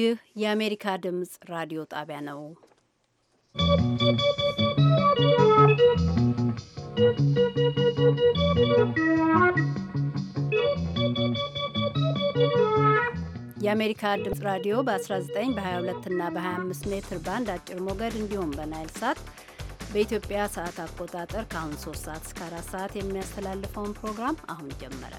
ይህ የአሜሪካ ድምፅ ራዲዮ ጣቢያ ነው። የአሜሪካ ድምፅ ራዲዮ በ19 በ22 እና በ25 ሜትር ባንድ አጭር ሞገድ እንዲሁም በናይል ሳት በኢትዮጵያ ሰዓት አቆጣጠር ከአሁን 3 ሰዓት እስከ 4 ሰዓት የሚያስተላልፈውን ፕሮግራም አሁን ጀመረ።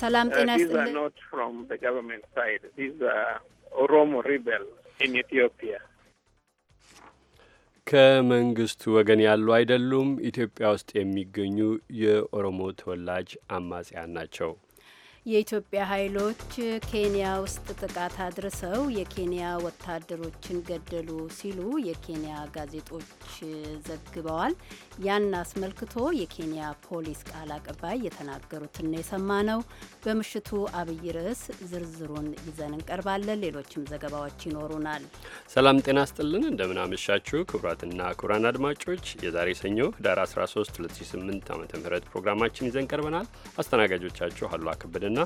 ሰላም ጤና uh, ይስጥልን። ከመንግስቱ ወገን ያሉ አይደሉም። ኢትዮጵያ ውስጥ የሚገኙ የኦሮሞ ተወላጅ አማጽያን ናቸው። የኢትዮጵያ ኃይሎች ኬንያ ውስጥ ጥቃት አድርሰው የኬንያ ወታደሮችን ገደሉ ሲሉ የኬንያ ጋዜጦች ዘግበዋል። ያን አስመልክቶ የኬንያ ፖሊስ ቃል አቀባይ የተናገሩትን ነው በምሽቱ አብይ ርዕስ ዝርዝሩን ይዘን እንቀርባለን። ሌሎችም ዘገባዎች ይኖሩናል። ሰላም ጤና ስጥልን፣ እንደምናመሻችሁ ክቡራትና ክቡራን አድማጮች የዛሬ ሰኞ ህዳር 13 2008 ዓ ም ፕሮግራማችን ይዘን ቀርበናል። አስተናጋጆቻችሁ አሉ ከበደና ና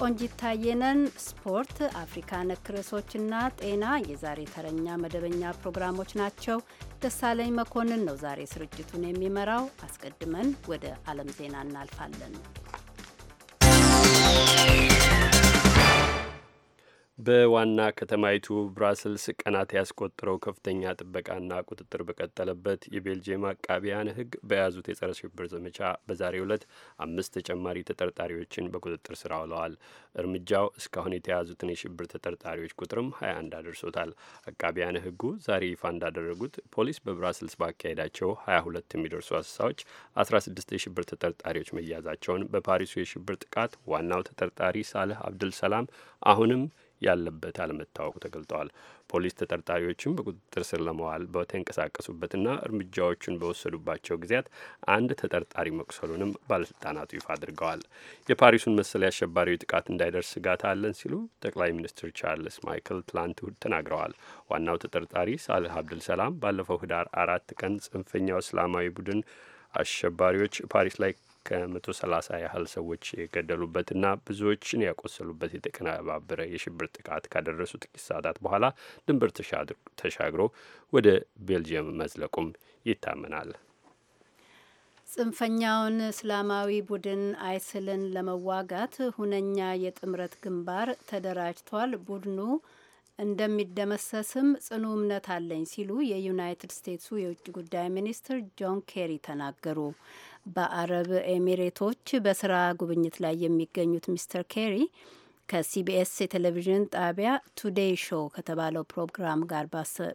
ቆንጂት ታየነን። ስፖርት፣ አፍሪካ ነክ ርዕሶችና ጤና የዛሬ ተረኛ መደበኛ ፕሮግራሞች ናቸው። ደሳለኝ መኮንን ነው ዛሬ ስርጭቱን የሚመራው። አስቀድመን ወደ ዓለም ዜና እናልፋለን። በዋና ከተማይቱ ብራስልስ ቀናት ያስቆጠረው ከፍተኛ ጥበቃና ቁጥጥር በቀጠለበት የቤልጅየም አቃቢያን ሕግ በያዙት የጸረ ሽብር ዘመቻ በዛሬው ዕለት አምስት ተጨማሪ ተጠርጣሪዎችን በቁጥጥር ስር አውለዋል። እርምጃው እስካሁን የተያዙትን የሽብር ተጠርጣሪዎች ቁጥርም 21 አድርሶታል። አቃቢያን ሕጉ ዛሬ ይፋ እንዳደረጉት ፖሊስ በብራስልስ ባካሄዳቸው 22 የሚደርሱ አስራ 16 የሽብር ተጠርጣሪዎች መያዛቸውን በፓሪሱ የሽብር ጥቃት ዋናው ተጠርጣሪ ሳልህ አብድል ሰላም አሁንም ያለበት አለመታወቁ ተገልጠዋል። ፖሊስ ተጠርጣሪዎችን በቁጥጥር ስር ለመዋል በተንቀሳቀሱበትና እርምጃዎቹን በወሰዱባቸው ጊዜያት አንድ ተጠርጣሪ መቁሰሉንም ባለስልጣናቱ ይፋ አድርገዋል። የፓሪሱን መሰል የአሸባሪው ጥቃት እንዳይደርስ ስጋት አለን ሲሉ ጠቅላይ ሚኒስትር ቻርልስ ማይክል ትላንት እሁድ ተናግረዋል። ዋናው ተጠርጣሪ ሳልህ አብድል ሰላም ባለፈው ህዳር አራት ቀን ጽንፈኛው እስላማዊ ቡድን አሸባሪዎች ፓሪስ ላይ ከመቶ ሰላሳ ያህል ሰዎች የገደሉበትና ብዙዎችን ያቆሰሉበት የተቀነባበረ የሽብር ጥቃት ካደረሱ ጥቂት ሰዓታት በኋላ ድንበር ተሻግሮ ወደ ቤልጅየም መዝለቁም ይታመናል። ጽንፈኛውን እስላማዊ ቡድን አይስልን ለመዋጋት ሁነኛ የጥምረት ግንባር ተደራጅቷል። ቡድኑ እንደሚደመሰስም ጽኑ እምነት አለኝ ሲሉ የዩናይትድ ስቴትሱ የውጭ ጉዳይ ሚኒስትር ጆን ኬሪ ተናገሩ። በአረብ ኤሚሬቶች በስራ ጉብኝት ላይ የሚገኙት ሚስተር ኬሪ ከሲቢኤስ የቴሌቪዥን ጣቢያ ቱዴይ ሾው ከተባለው ፕሮግራም ጋር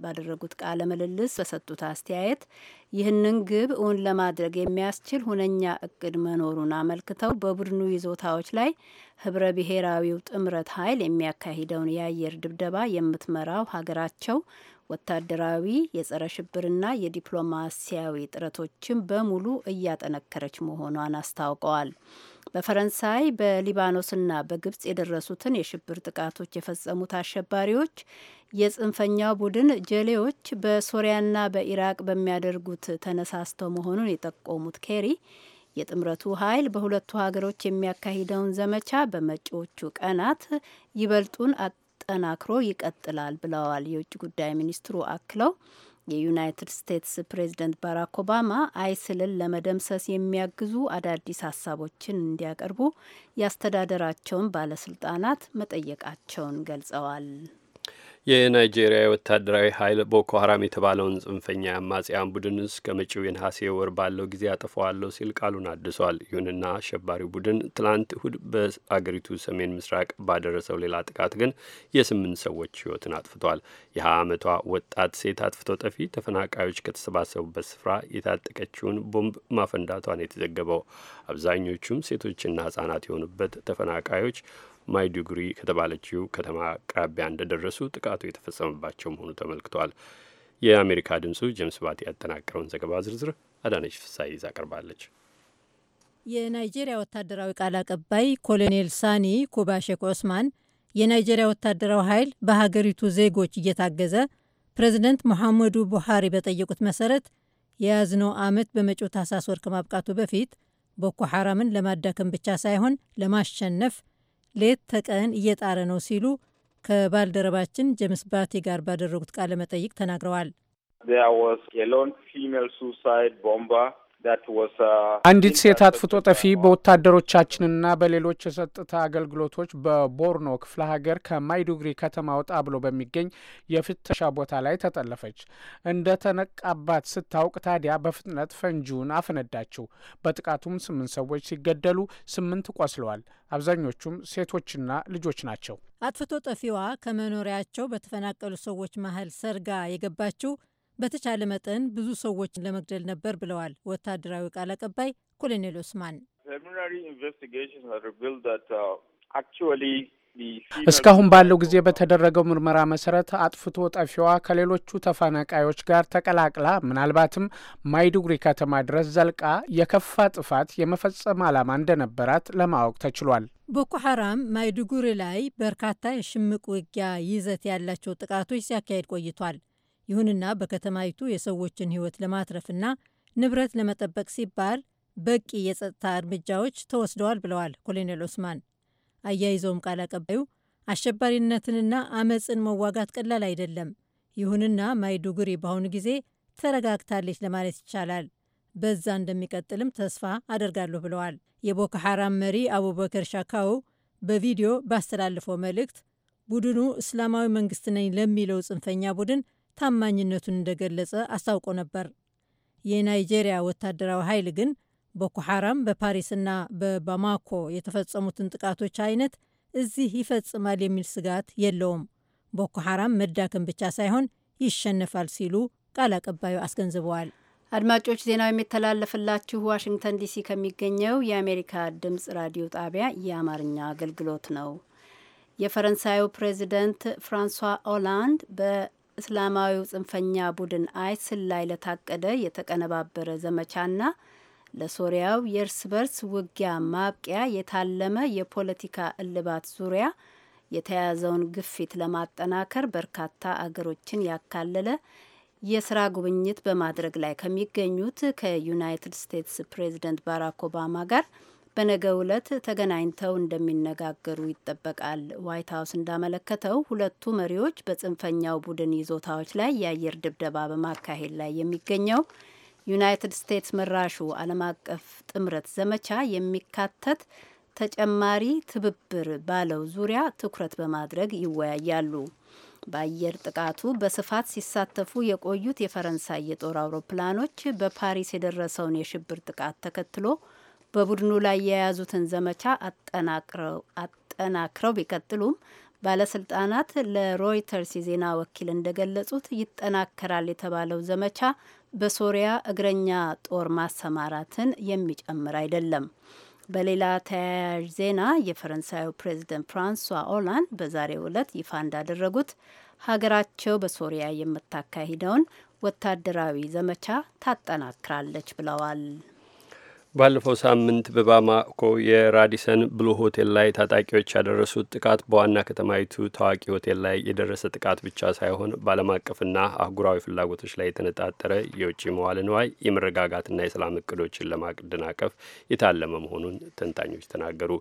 ባደረጉት ቃለ ምልልስ በሰጡት አስተያየት ይህንን ግብ እውን ለማድረግ የሚያስችል ሁነኛ እቅድ መኖሩን አመልክተው በቡድኑ ይዞታዎች ላይ ህብረ ብሔራዊው ጥምረት ኃይል የሚያካሂደውን የአየር ድብደባ የምትመራው ሀገራቸው ወታደራዊ የጸረ ሽብርና የዲፕሎማሲያዊ ጥረቶችን በሙሉ እያጠነከረች መሆኗን አስታውቀዋል። በፈረንሳይ በሊባኖስና በግብጽ የደረሱትን የሽብር ጥቃቶች የፈጸሙት አሸባሪዎች የጽንፈኛው ቡድን ጀሌዎች በሶሪያና በኢራቅ በሚያደርጉት ተነሳስተው መሆኑን የጠቆሙት ኬሪ የጥምረቱ ኃይል በሁለቱ ሀገሮች የሚያካሂደውን ዘመቻ በመጪዎቹ ቀናት ይበልጡን ተጠናክሮ ይቀጥላል ብለዋል። የውጭ ጉዳይ ሚኒስትሩ አክለው የዩናይትድ ስቴትስ ፕሬዚደንት ባራክ ኦባማ አይስልን ለመደምሰስ የሚያግዙ አዳዲስ ሀሳቦችን እንዲያቀርቡ ያስተዳደራቸውን ባለስልጣናት መጠየቃቸውን ገልጸዋል። የናይጄሪያ ወታደራዊ ኃይል ቦኮ ሀራም የተባለውን ጽንፈኛ የአማጽያን ቡድን እስከ መጪው የነሐሴ ወር ባለው ጊዜ አጥፈዋለሁ ሲል ቃሉን አድሷል። ይሁንና አሸባሪው ቡድን ትላንት እሁድ በአገሪቱ ሰሜን ምስራቅ ባደረሰው ሌላ ጥቃት ግን የስምንት ሰዎች ሕይወትን አጥፍቷል። የሀያ ዓመቷ ወጣት ሴት አጥፍቶ ጠፊ ተፈናቃዮች ከተሰባሰቡበት ስፍራ የታጠቀችውን ቦምብ ማፈንዳቷን የተዘገበው አብዛኞቹም ሴቶችና ሕጻናት የሆኑበት ተፈናቃዮች ማይዱጉሪ ከተባለችው ከተማ አቅራቢያ እንደደረሱ ጥቃቱ የተፈጸመባቸው መሆኑ ተመልክቷል። የአሜሪካ ድምጹ ጀምስ ባቲ ያጠናቀረውን ዘገባ ዝርዝር አዳነች ፍሳይ ይዛ ቀርባለች። የናይጄሪያ ወታደራዊ ቃል አቀባይ ኮሎኔል ሳኒ ሼክ ኦስማን የናይጄሪያ ወታደራዊ ኃይል በሀገሪቱ ዜጎች እየታገዘ ፕሬዚደንት ሙሐመዱ ቡሃሪ በጠየቁት መሰረት የያዝነው ዓመት በመጪው ታህሳስ ወር ከማብቃቱ በፊት ቦኮ ሐራምን ለማዳከም ብቻ ሳይሆን ለማሸነፍ ሌት ተቀን እየጣረ ነው ሲሉ ከባልደረባችን ጀምስ ባቲ ጋር ባደረጉት ቃለ መጠይቅ ተናግረዋል። Uh, አንዲት ሴት አጥፍቶ ጠፊ uh, በወታደሮቻችንና በሌሎች የጸጥታ አገልግሎቶች በቦርኖ ክፍለ ሀገር ከማይዱግሪ ከተማ ወጣ ብሎ በሚገኝ የፍተሻ ቦታ ላይ ተጠለፈች። እንደ ተነቃባት ስታውቅ ታዲያ በፍጥነት ፈንጂውን አፈነዳችው። በጥቃቱም ስምንት ሰዎች ሲገደሉ ስምንት ቆስለዋል። አብዛኞቹም ሴቶችና ልጆች ናቸው። አጥፍቶ ጠፊዋ ከመኖሪያቸው በተፈናቀሉ ሰዎች መሀል ሰርጋ የገባችው በተቻለ መጠን ብዙ ሰዎችን ለመግደል ነበር ብለዋል ወታደራዊ ቃል አቀባይ ኮሎኔል ኦስማን። uh, እስካሁን ባለው ጊዜ በተደረገው ምርመራ መሰረት አጥፍቶ ጠፊዋ ከሌሎቹ ተፈናቃዮች ጋር ተቀላቅላ ምናልባትም ማይዱጉሪ ከተማ ድረስ ዘልቃ የከፋ ጥፋት የመፈጸም ዓላማ እንደነበራት ለማወቅ ተችሏል። ቦኮ ሐራም ማይዱጉሪ ላይ በርካታ የሽምቅ ውጊያ ይዘት ያላቸው ጥቃቶች ሲያካሂድ ቆይቷል። ይሁንና በከተማይቱ የሰዎችን ሕይወት ለማትረፍና ንብረት ለመጠበቅ ሲባል በቂ የጸጥታ እርምጃዎች ተወስደዋል ብለዋል ኮሎኔል ኦስማን። አያይዘውም ቃል አቀባዩ አሸባሪነትንና አመፅን መዋጋት ቀላል አይደለም፣ ይሁንና ማይዱጉሪ በአሁኑ ጊዜ ተረጋግታለች ለማለት ይቻላል። በዛ እንደሚቀጥልም ተስፋ አደርጋለሁ ብለዋል። የቦኮ ሐራም መሪ አቡበከር ሻካው በቪዲዮ ባስተላለፈው መልእክት ቡድኑ እስላማዊ መንግስት ነኝ ለሚለው ጽንፈኛ ቡድን ታማኝነቱን እንደገለጸ አስታውቆ ነበር። የናይጄሪያ ወታደራዊ ኃይል ግን ቦኮ ሐራም በፓሪስና በባማኮ የተፈጸሙትን ጥቃቶች አይነት እዚህ ይፈጽማል የሚል ስጋት የለውም፣ ቦኮ ሐራም መዳከም ብቻ ሳይሆን ይሸነፋል ሲሉ ቃል አቀባዩ አስገንዝበዋል። አድማጮች ዜናው የሚተላለፍላችሁ ዋሽንግተን ዲሲ ከሚገኘው የአሜሪካ ድምጽ ራዲዮ ጣቢያ የአማርኛ አገልግሎት ነው። የፈረንሳዩ ፕሬዚደንት ፍራንሷ ኦላንድ እስላማዊው ጽንፈኛ ቡድን አይስል ላይ ለታቀደ የተቀነባበረ ዘመቻና ለሶሪያው የእርስ በርስ ውጊያ ማብቂያ የታለመ የፖለቲካ እልባት ዙሪያ የተያዘውን ግፊት ለማጠናከር በርካታ አገሮችን ያካለለ የስራ ጉብኝት በማድረግ ላይ ከሚገኙት ከዩናይትድ ስቴትስ ፕሬዚደንት ባራክ ኦባማ ጋር በነገው ዕለት ተገናኝተው እንደሚነጋገሩ ይጠበቃል። ዋይት ሀውስ እንዳመለከተው ሁለቱ መሪዎች በጽንፈኛው ቡድን ይዞታዎች ላይ የአየር ድብደባ በማካሄድ ላይ የሚገኘው ዩናይትድ ስቴትስ መራሹ ዓለም አቀፍ ጥምረት ዘመቻ የሚካተት ተጨማሪ ትብብር ባለው ዙሪያ ትኩረት በማድረግ ይወያያሉ። በአየር ጥቃቱ በስፋት ሲሳተፉ የቆዩት የፈረንሳይ የጦር አውሮፕላኖች በፓሪስ የደረሰውን የሽብር ጥቃት ተከትሎ በቡድኑ ላይ የያዙትን ዘመቻ አጠናክረው ቢቀጥሉም ባለስልጣናት ለሮይተርስ የዜና ወኪል እንደገለጹት ይጠናከራል የተባለው ዘመቻ በሶሪያ እግረኛ ጦር ማሰማራትን የሚጨምር አይደለም። በሌላ ተያያዥ ዜና የፈረንሳዩ ፕሬዚደንት ፍራንሷ ኦላንድ በዛሬው ዕለት ይፋ እንዳደረጉት ሀገራቸው በሶሪያ የምታካሂደውን ወታደራዊ ዘመቻ ታጠናክራለች ብለዋል። ባለፈው ሳምንት በባማኮ የራዲሰን ብሉ ሆቴል ላይ ታጣቂዎች ያደረሱት ጥቃት በዋና ከተማይቱ ታዋቂ ሆቴል ላይ የደረሰ ጥቃት ብቻ ሳይሆን በዓለም አቀፍና አህጉራዊ ፍላጎቶች ላይ የተነጣጠረ የውጭ መዋለ ንዋይ የመረጋጋትና የሰላም እቅዶችን ለማደናቀፍ የታለመ መሆኑን ተንታኞች ተናገሩ።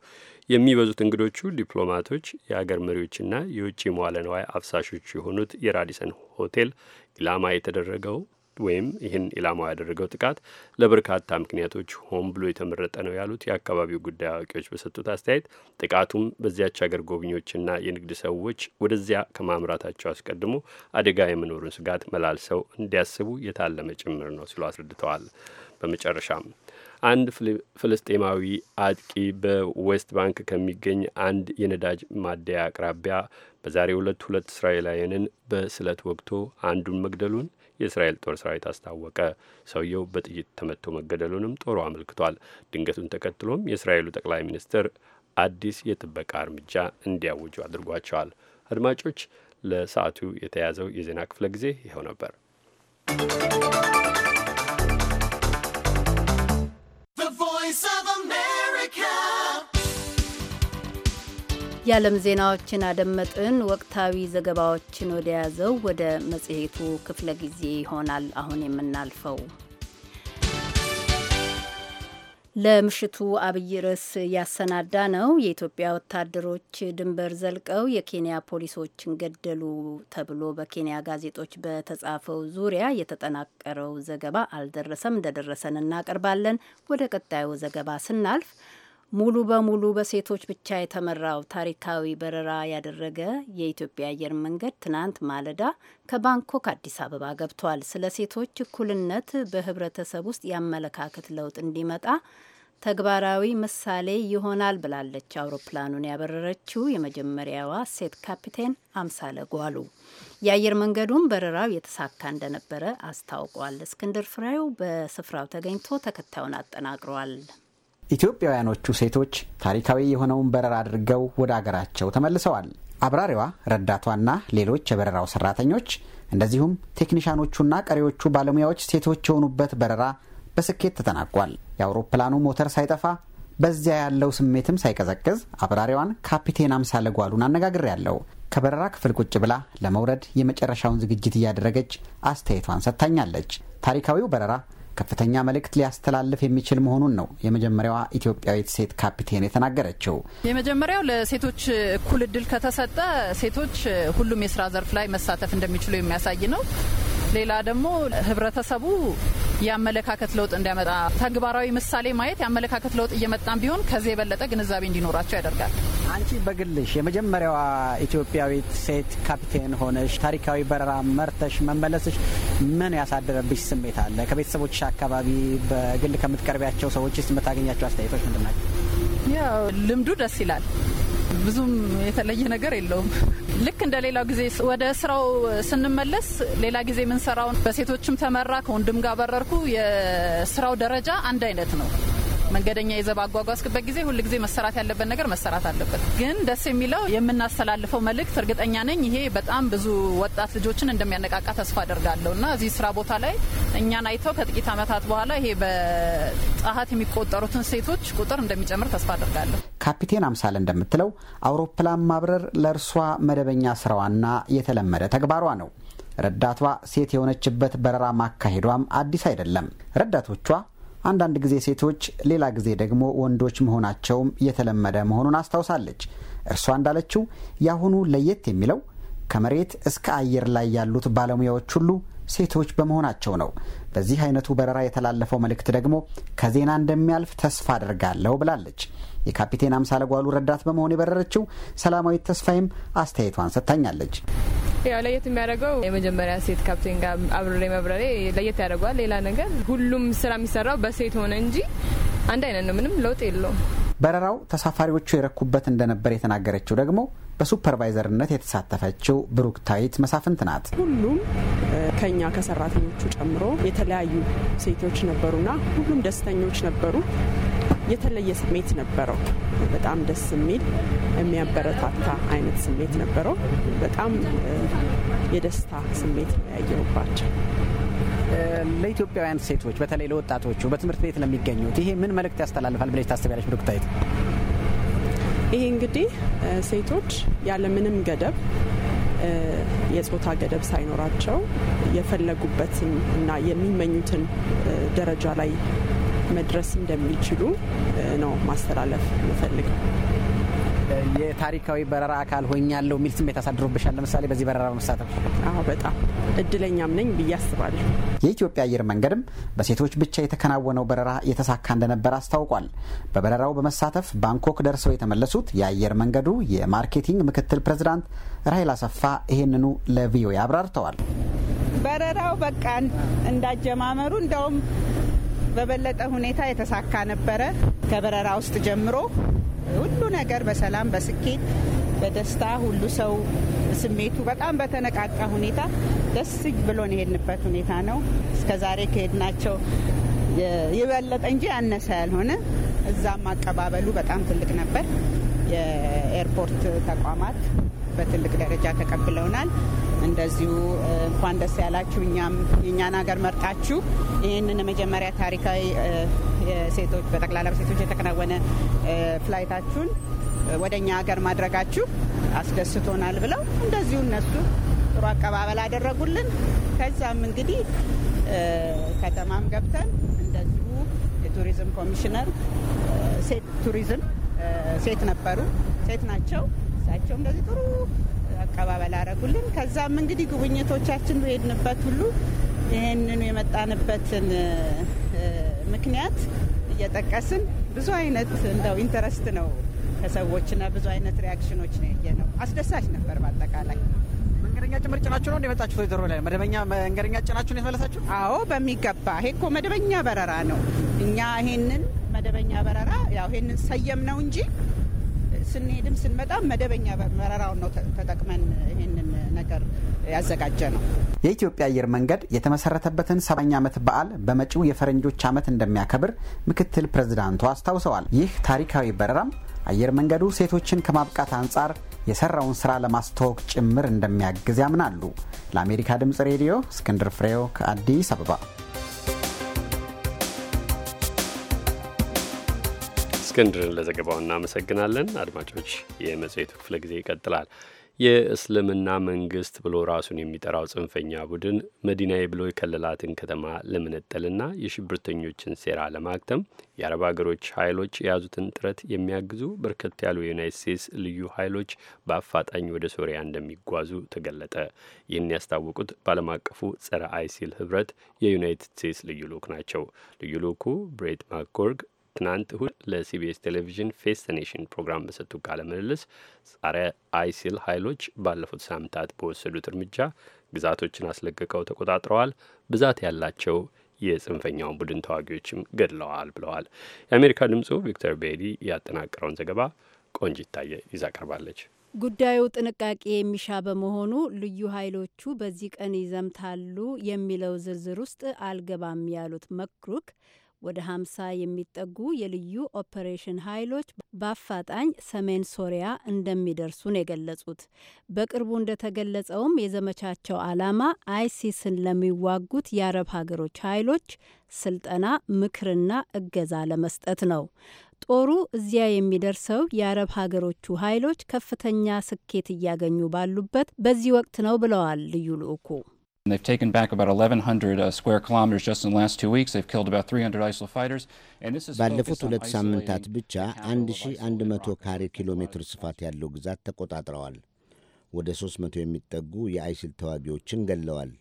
የሚበዙት እንግዶቹ ዲፕሎማቶች፣ የአገር መሪዎችና የውጭ መዋለ ንዋይ አፍሳሾች የሆኑት የራዲሰን ሆቴል ኢላማ የተደረገው ወይም ይህን ኢላማ ያደረገው ጥቃት ለበርካታ ምክንያቶች ሆን ብሎ የተመረጠ ነው ያሉት የአካባቢው ጉዳይ አዋቂዎች በሰጡት አስተያየት ጥቃቱም በዚያች ሀገር ጎብኚዎችና የንግድ ሰዎች ወደዚያ ከማምራታቸው አስቀድሞ አደጋ የመኖሩን ስጋት መላልሰው እንዲያስቡ የታለመ ጭምር ነው ሲሉ አስረድተዋል። በመጨረሻም አንድ ፍልስጤማዊ አጥቂ በዌስት ባንክ ከሚገኝ አንድ የነዳጅ ማደያ አቅራቢያ በዛሬ ሁለት ሁለት እስራኤላውያንን በስለት ወግቶ አንዱን መግደሉን የእስራኤል ጦር ሰራዊት አስታወቀ። ሰውየው በጥይት ተመቶ መገደሉንም ጦሩ አመልክቷል። ድንገቱን ተከትሎም የእስራኤሉ ጠቅላይ ሚኒስትር አዲስ የጥበቃ እርምጃ እንዲያውጁ አድርጓቸዋል። አድማጮች፣ ለሰዓቱ የተያዘው የዜና ክፍለ ጊዜ ይኸው ነበር። የዓለም ዜናዎችን አደመጥን። ወቅታዊ ዘገባዎችን ወደ ያዘው ወደ መጽሔቱ ክፍለ ጊዜ ይሆናል አሁን የምናልፈው። ለምሽቱ አብይ ርዕስ ያሰናዳ ነው። የኢትዮጵያ ወታደሮች ድንበር ዘልቀው የኬንያ ፖሊሶችን ገደሉ ተብሎ በኬንያ ጋዜጦች በተጻፈው ዙሪያ የተጠናቀረው ዘገባ አልደረሰም። እንደደረሰን እናቀርባለን። ወደ ቀጣዩ ዘገባ ስናልፍ ሙሉ በሙሉ በሴቶች ብቻ የተመራው ታሪካዊ በረራ ያደረገ የኢትዮጵያ አየር መንገድ ትናንት ማለዳ ከባንኮክ አዲስ አበባ ገብቷል። ስለ ሴቶች እኩልነት በህብረተሰብ ውስጥ የአመለካከት ለውጥ እንዲመጣ ተግባራዊ ምሳሌ ይሆናል ብላለች አውሮፕላኑን ያበረረችው የመጀመሪያዋ ሴት ካፒቴን አምሳለ ጓሉ። የአየር መንገዱም በረራው የተሳካ እንደነበረ አስታውቋል። እስክንድር ፍሬው በስፍራው ተገኝቶ ተከታዩን አጠናቅሯል። ኢትዮጵያውያኖቹ ሴቶች ታሪካዊ የሆነውን በረራ አድርገው ወደ አገራቸው ተመልሰዋል። አብራሪዋ ረዳቷና ሌሎች የበረራው ሰራተኞች እንደዚሁም ቴክኒሻኖቹና ቀሪዎቹ ባለሙያዎች ሴቶች የሆኑበት በረራ በስኬት ተጠናቋል። የአውሮፕላኑ ሞተር ሳይጠፋ በዚያ ያለው ስሜትም ሳይቀዘቅዝ አብራሪዋን ካፒቴን አምሳለ ጓሉን ያለው። ከበረራ ክፍል ቁጭ ብላ ለመውረድ የመጨረሻውን ዝግጅት እያደረገች አስተያየቷን ሰጥታኛለች። ታሪካዊው በረራ ከፍተኛ መልእክት ሊያስተላልፍ የሚችል መሆኑን ነው የመጀመሪያዋ ኢትዮጵያዊት ሴት ካፒቴን የተናገረችው። የመጀመሪያው ለሴቶች እኩል እድል ከተሰጠ ሴቶች ሁሉም የስራ ዘርፍ ላይ መሳተፍ እንደሚችሉ የሚያሳይ ነው። ሌላ ደግሞ ህብረተሰቡ የአመለካከት ለውጥ እንዲያመጣ ተግባራዊ ምሳሌ ማየት የአመለካከት ለውጥ እየመጣም ቢሆን ከዚህ የበለጠ ግንዛቤ እንዲኖራቸው ያደርጋል። አንቺ በግልሽ የመጀመሪያዋ ኢትዮጵያዊት ሴት ካፒቴን ሆነሽ ታሪካዊ በረራ መርተሽ መመለስሽ ምን ያሳደረብሽ ስሜት አለ? ከቤተሰቦችሽ አካባቢ፣ በግል ከምትቀርቢያቸው ሰዎች የምታገኛቸው አስተያየቶች ምንድን ናቸው? ያው ልምዱ ደስ ይላል። ብዙም የተለየ ነገር የለውም። ልክ እንደ ሌላው ጊዜ ወደ ስራው ስንመለስ፣ ሌላ ጊዜ የምንሰራውን በሴቶችም ተመራ ከወንድም ጋር በረርኩ የስራው ደረጃ አንድ አይነት ነው። መንገደኛ ይዘ ባጓጓዝክበት ጊዜ ጊዜ መሰራት ያለበት ነገር መሰራት አለበት። ግን ደስ የሚለው የምናስተላልፈው መልእክት እርግጠኛ ነኝ ይሄ በጣም ብዙ ወጣት ልጆችን እንደሚያነቃቃ ተስፋ አደርጋለሁ እና እዚህ ስራ ቦታ ላይ እኛን አይተው ከጥቂት ዓመታት በኋላ ይሄ በጣሀት የሚቆጠሩትን ሴቶች ቁጥር እንደሚጨምር ተስፋ አደርጋለሁ። ካፒቴን አምሳል እንደምትለው አውሮፕላን ማብረር ለእርሷ መደበኛ ስራዋና የተለመደ ተግባሯ ነው። ረዳቷ ሴት የሆነችበት በረራ ማካሄዷም አዲስ አይደለም። ረዳቶቿ አንዳንድ ጊዜ ሴቶች፣ ሌላ ጊዜ ደግሞ ወንዶች መሆናቸውም የተለመደ መሆኑን አስታውሳለች። እርሷ እንዳለችው የአሁኑ ለየት የሚለው ከመሬት እስከ አየር ላይ ያሉት ባለሙያዎች ሁሉ ሴቶች በመሆናቸው ነው። በዚህ አይነቱ በረራ የተላለፈው መልእክት ደግሞ ከዜና እንደሚያልፍ ተስፋ አድርጋለሁ ብላለች። የካፒቴን አምሳለ ጓሉ ረዳት በመሆን የበረረችው ሰላማዊት ተስፋይም አስተያየቷን ሰጥታኛለች። ያው ለየት የሚያደርገው የመጀመሪያ ሴት ካፕቴን ጋር አብሬ መብረሬ ለየት ያደርገዋል። ሌላ ነገር ሁሉም ስራ የሚሰራው በሴት ሆነ እንጂ አንድ አይነት ነው። ምንም ለውጥ የለውም። በረራው ተሳፋሪዎቹ የረኩበት እንደነበር የተናገረችው ደግሞ በሱፐርቫይዘርነት የተሳተፈችው ብሩክታይት መሳፍንት ናት። ሁሉም ከኛ ከሰራተኞቹ ጨምሮ የተለያዩ ሴቶች ነበሩና ሁሉም ደስተኞች ነበሩ። የተለየ ስሜት ነበረው። በጣም ደስ የሚል የሚያበረታታ አይነት ስሜት ነበረው። በጣም የደስታ ስሜት ነው ያየሁባቸው። ለኢትዮጵያውያን ሴቶች በተለይ ለወጣቶቹ በትምህርት ቤት ለሚገኙት ይሄ ምን መልእክት ያስተላልፋል ብለች ታስቢያለሽ ብሩክታይት? ይሄ እንግዲህ ሴቶች ያለምንም ገደብ የጾታ ገደብ ሳይኖራቸው የፈለጉበትን እና የሚመኙትን ደረጃ ላይ መድረስ እንደሚችሉ ነው ማስተላለፍ ንፈልግ የታሪካዊ በረራ አካል ሆኛለሁ የሚል ስሜት አሳድሮብሻል? ለምሳሌ በዚህ በረራ መሳተፍ? አዎ በጣም እድለኛም ነኝ ብዬ አስባለሁ። የኢትዮጵያ አየር መንገድም በሴቶች ብቻ የተከናወነው በረራ የተሳካ እንደነበር አስታውቋል። በበረራው በመሳተፍ ባንኮክ ደርሰው የተመለሱት የአየር መንገዱ የማርኬቲንግ ምክትል ፕሬዝዳንት ራሄል አሰፋ ይህንኑ ለቪኦኤ አብራርተዋል። በረራው በቃ እንዳጀማመሩ እንደውም በበለጠ ሁኔታ የተሳካ ነበረ። ከበረራ ውስጥ ጀምሮ ሁሉ ነገር በሰላም በስኬት በደስታ ሁሉ ሰው ስሜቱ በጣም በተነቃቃ ሁኔታ ደስ ብሎን የሄድንበት ሁኔታ ነው። እስከዛሬ ከሄድናቸው የበለጠ እንጂ ያነሰ ያልሆነ እዛም አቀባበሉ በጣም ትልቅ ነበር። የኤርፖርት ተቋማት በትልቅ ደረጃ ተቀብለውናል። እንደዚሁ እንኳን ደስ ያላችሁ፣ እኛም የእኛን ሀገር መርጣችሁ ይህንን መጀመሪያ ታሪካዊ ሴቶች በጠቅላላ በሴቶች የተከናወነ ፍላይታችሁን ወደ እኛ ሀገር ማድረጋችሁ አስደስቶናል ብለው እንደዚሁ እነሱ ጥሩ አቀባበል አደረጉልን። ከዛም እንግዲህ ከተማም ገብተን እንደዚሁ የቱሪዝም ኮሚሽነር ሴት ቱሪዝም ሴት ነበሩ ሴት ናቸው እሳቸው እንደዚህ ጥሩ አቀባበል አረጉልን። ከዛም እንግዲህ ጉብኝቶቻችን በሄድንበት ሁሉ ይህንኑ የመጣንበትን ምክንያት እየጠቀስን ብዙ አይነት እንደው ኢንተረስት ነው ከሰዎችና ብዙ አይነት ሪያክሽኖች ነው ያየ ነው። አስደሳች ነበር በአጠቃላይ። መንገደኛ ጭምር ጭናችሁ ነው የመጣችሁ? ዶሮ ላይ መደበኛ መንገደኛ ጭናችሁ ነው የተመለሳችሁ? አዎ በሚገባ። ይሄ እኮ መደበኛ በረራ ነው። እኛ ይሄንን መደበኛ በረራ ያው ይሄንን ሰየም ነው እንጂ ስንሄድም ስንመጣም መደበኛ በረራውን ነው ተጠቅመን ይህንን ነገር ያዘጋጀ ነው። የኢትዮጵያ አየር መንገድ የተመሰረተበትን ሰባኛ ዓመት በዓል በመጪው የፈረንጆች ዓመት እንደሚያከብር ምክትል ፕሬዝዳንቱ አስታውሰዋል። ይህ ታሪካዊ በረራም አየር መንገዱ ሴቶችን ከማብቃት አንጻር የሰራውን ስራ ለማስተዋወቅ ጭምር እንደሚያግዝ ያምናሉ። ለአሜሪካ ድምፅ ሬዲዮ እስክንድር ፍሬው ከአዲስ አበባ እስክንድርን ለዘገባው እናመሰግናለን። አድማጮች፣ የመጽሔቱ ክፍለ ጊዜ ይቀጥላል። የእስልምና መንግስት ብሎ ራሱን የሚጠራው ጽንፈኛ ቡድን መዲና ብሎ የከለላትን ከተማ ለመነጠልና የሽብርተኞችን ሴራ ለማክተም የአረብ ሀገሮች ኃይሎች የያዙትን ጥረት የሚያግዙ በርከት ያሉ የዩናይት ስቴትስ ልዩ ኃይሎች በአፋጣኝ ወደ ሶሪያ እንደሚጓዙ ተገለጠ። ይህን ያስታወቁት በዓለም አቀፉ ጸረ አይሲል ህብረት የዩናይትድ ስቴትስ ልዩ ልኡክ ናቸው። ልዩ ልኡኩ ብሬት ማክጎርግ ትናንት እሁድ ለሲቢኤስ ቴሌቪዥን ፌስ ዘ ኔሽን ፕሮግራም በሰጡ ቃለ ምልልስ ጸረ አይሲል ኃይሎች ባለፉት ሳምንታት በወሰዱት እርምጃ ግዛቶችን አስለቅቀው ተቆጣጥረዋል፣ ብዛት ያላቸው የጽንፈኛውን ቡድን ተዋጊዎችም ገድለዋል ብለዋል። የአሜሪካ ድምፁ ቪክተር ቤዲ ያጠናቀረውን ዘገባ ቆንጅ ይታየ ይዛ ቀርባለች። ጉዳዩ ጥንቃቄ የሚሻ በመሆኑ ልዩ ኃይሎቹ በዚህ ቀን ይዘምታሉ የሚለው ዝርዝር ውስጥ አልገባም ያሉት መክሩክ ወደ 50 የሚጠጉ የልዩ ኦፐሬሽን ኃይሎች በአፋጣኝ ሰሜን ሶሪያ እንደሚደርሱ ነው የገለጹት። በቅርቡ እንደተገለጸውም የዘመቻቸው ዓላማ አይሲስን ለሚዋጉት የአረብ ሀገሮች ኃይሎች ስልጠና፣ ምክርና እገዛ ለመስጠት ነው። ጦሩ እዚያ የሚደርሰው የአረብ ሀገሮቹ ኃይሎች ከፍተኛ ስኬት እያገኙ ባሉበት በዚህ ወቅት ነው ብለዋል ልዩ ልዑኩ። And they've taken back about 1,100 uh, square kilometers just in the last two weeks. They've killed about 300 ISIL fighters. And this is ባለፉት ሁለት ሳምንታት ብቻ 1100 ካሬ ኪሎ ሜትር ስፋት ያለው ግዛት ተቆጣጥረዋል። ወደ 300 የሚጠጉ የአይሲል ተዋጊዎችን ገለዋል።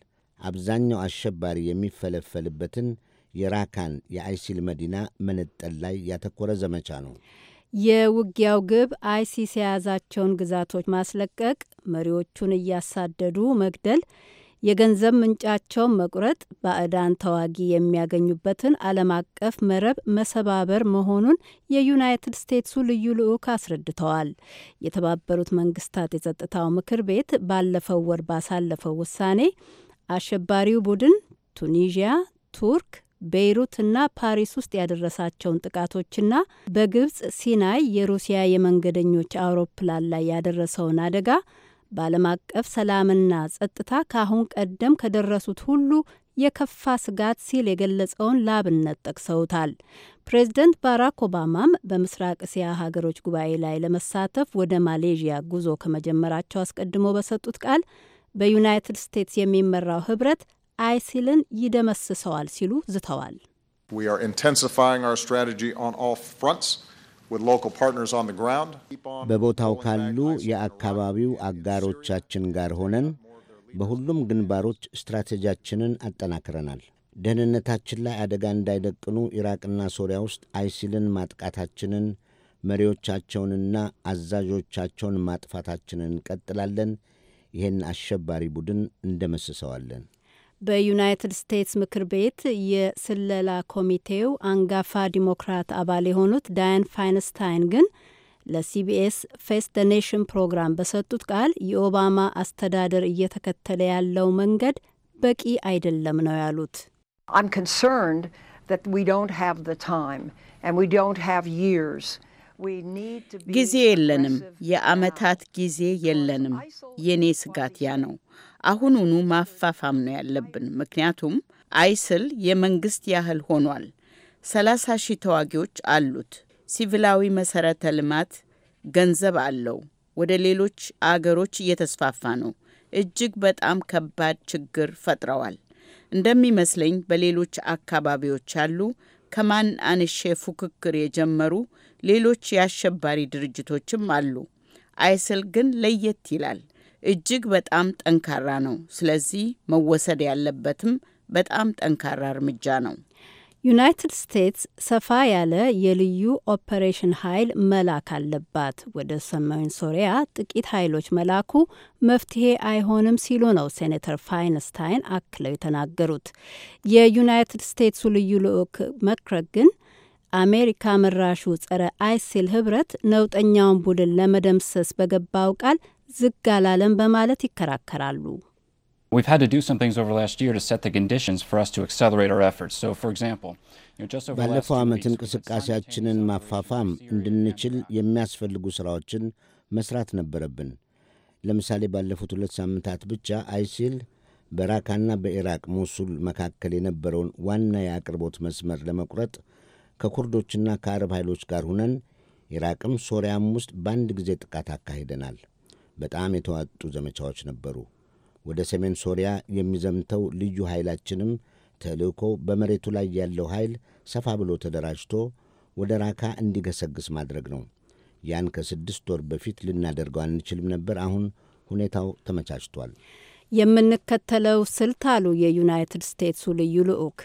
አብዛኛው አሸባሪ የሚፈለፈልበትን የራካን የአይሲል መዲና መነጠል ላይ ያተኮረ ዘመቻ ነው። የውጊያው ግብ አይሲስ የያዛቸውን ግዛቶች ማስለቀቅ፣ መሪዎቹን እያሳደዱ መግደል የገንዘብ ምንጫቸውን መቁረጥ ባዕዳን ተዋጊ የሚያገኙበትን ዓለም አቀፍ መረብ መሰባበር መሆኑን የዩናይትድ ስቴትሱ ልዩ ልዑክ አስረድተዋል። የተባበሩት መንግስታት የጸጥታው ምክር ቤት ባለፈው ወር ባሳለፈው ውሳኔ አሸባሪው ቡድን ቱኒዥያ፣ ቱርክ ቤይሩትና ፓሪስ ውስጥ ያደረሳቸውን ጥቃቶችና በግብጽ ሲናይ የሩሲያ የመንገደኞች አውሮፕላን ላይ ያደረሰውን አደጋ በዓለም አቀፍ ሰላምና ጸጥታ ከአሁን ቀደም ከደረሱት ሁሉ የከፋ ስጋት ሲል የገለጸውን ላብነት ጠቅሰውታል። ፕሬዝደንት ባራክ ኦባማም በምስራቅ እስያ ሀገሮች ጉባኤ ላይ ለመሳተፍ ወደ ማሌዥያ ጉዞ ከመጀመራቸው አስቀድሞ በሰጡት ቃል በዩናይትድ ስቴትስ የሚመራው ህብረት አይሲልን ይደመስሰዋል ሲሉ ዝተዋል። በቦታው ካሉ የአካባቢው አጋሮቻችን ጋር ሆነን በሁሉም ግንባሮች ስትራቴጂያችንን አጠናክረናል። ደህንነታችን ላይ አደጋ እንዳይደቅኑ ኢራቅና ሶሪያ ውስጥ አይሲልን ማጥቃታችንን፣ መሪዎቻቸውንና አዛዦቻቸውን ማጥፋታችንን እንቀጥላለን። ይህን አሸባሪ ቡድን እንደመስሰዋለን። በዩናይትድ ስቴትስ ምክር ቤት የስለላ ኮሚቴው አንጋፋ ዲሞክራት አባል የሆኑት ዳያን ፋይንስታይን ግን ለሲቢኤስ ፌስ ደ ኔሽን ፕሮግራም በሰጡት ቃል የኦባማ አስተዳደር እየተከተለ ያለው መንገድ በቂ አይደለም ነው ያሉት። ጊዜ የለንም፣ የአመታት ጊዜ የለንም። የእኔ ስጋት ያ ነው። አሁኑኑ ማፋፋም ነው ያለብን። ምክንያቱም አይስል የመንግስት ያህል ሆኗል። ሰላሳ ሺህ ተዋጊዎች አሉት። ሲቪላዊ መሰረተ ልማት፣ ገንዘብ አለው። ወደ ሌሎች አገሮች እየተስፋፋ ነው። እጅግ በጣም ከባድ ችግር ፈጥረዋል። እንደሚመስለኝ በሌሎች አካባቢዎች አሉ ከማን አንሼ ፉክክር የጀመሩ ሌሎች የአሸባሪ ድርጅቶችም አሉ። አይስል ግን ለየት ይላል። እጅግ በጣም ጠንካራ ነው። ስለዚህ መወሰድ ያለበትም በጣም ጠንካራ እርምጃ ነው። ዩናይትድ ስቴትስ ሰፋ ያለ የልዩ ኦፐሬሽን ኃይል መላክ አለባት። ወደ ሰሜን ሶሪያ ጥቂት ኃይሎች መላኩ መፍትሄ አይሆንም ሲሉ ነው ሴኔተር ፋይንስታይን አክለው የተናገሩት። የዩናይትድ ስቴትሱ ልዩ ልዑክ መክረግ ግን አሜሪካ መራሹ ጸረ አይሲል ህብረት ነውጠኛውን ቡድን ለመደምሰስ በገባው ቃል ዝግ አላለም በማለት ይከራከራሉ። ባለፈው ዓመት እንቅስቃሴያችንን ማፋፋም እንድንችል የሚያስፈልጉ ሥራዎችን መስራት ነበረብን። ለምሳሌ ባለፉት ሁለት ሳምንታት ብቻ አይሲል በራካና በኢራቅ ሞሱል መካከል የነበረውን ዋና የአቅርቦት መስመር ለመቁረጥ ከኩርዶችና ከአረብ ኃይሎች ጋር ሁነን ኢራቅም ሶሪያም ውስጥ በአንድ ጊዜ ጥቃት አካሂደናል። በጣም የተዋጡ ዘመቻዎች ነበሩ። ወደ ሰሜን ሶሪያ የሚዘምተው ልዩ ኃይላችንም ተልእኮ በመሬቱ ላይ ያለው ኃይል ሰፋ ብሎ ተደራጅቶ ወደ ራካ እንዲገሰግስ ማድረግ ነው። ያን ከስድስት ወር በፊት ልናደርገው አንችልም ነበር። አሁን ሁኔታው ተመቻችቷል። የምንከተለው ስልት አሉ የዩናይትድ ስቴትሱ ልዩ ልዑክ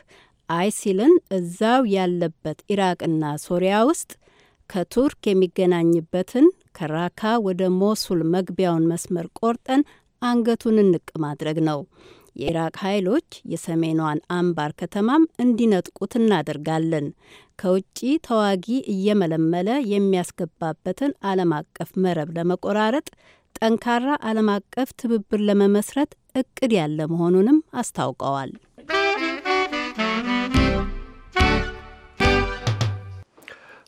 አይሲልን እዛው ያለበት ኢራቅና ሶሪያ ውስጥ ከቱርክ የሚገናኝበትን ከራካ ወደ ሞሱል መግቢያውን መስመር ቆርጠን አንገቱን እንቅ ማድረግ ነው። የኢራቅ ኃይሎች የሰሜኗን አምባር ከተማም እንዲነጥቁት እናደርጋለን። ከውጭ ተዋጊ እየመለመለ የሚያስገባበትን ዓለም አቀፍ መረብ ለመቆራረጥ ጠንካራ ዓለም አቀፍ ትብብር ለመመስረት እቅድ ያለ መሆኑንም አስታውቀዋል።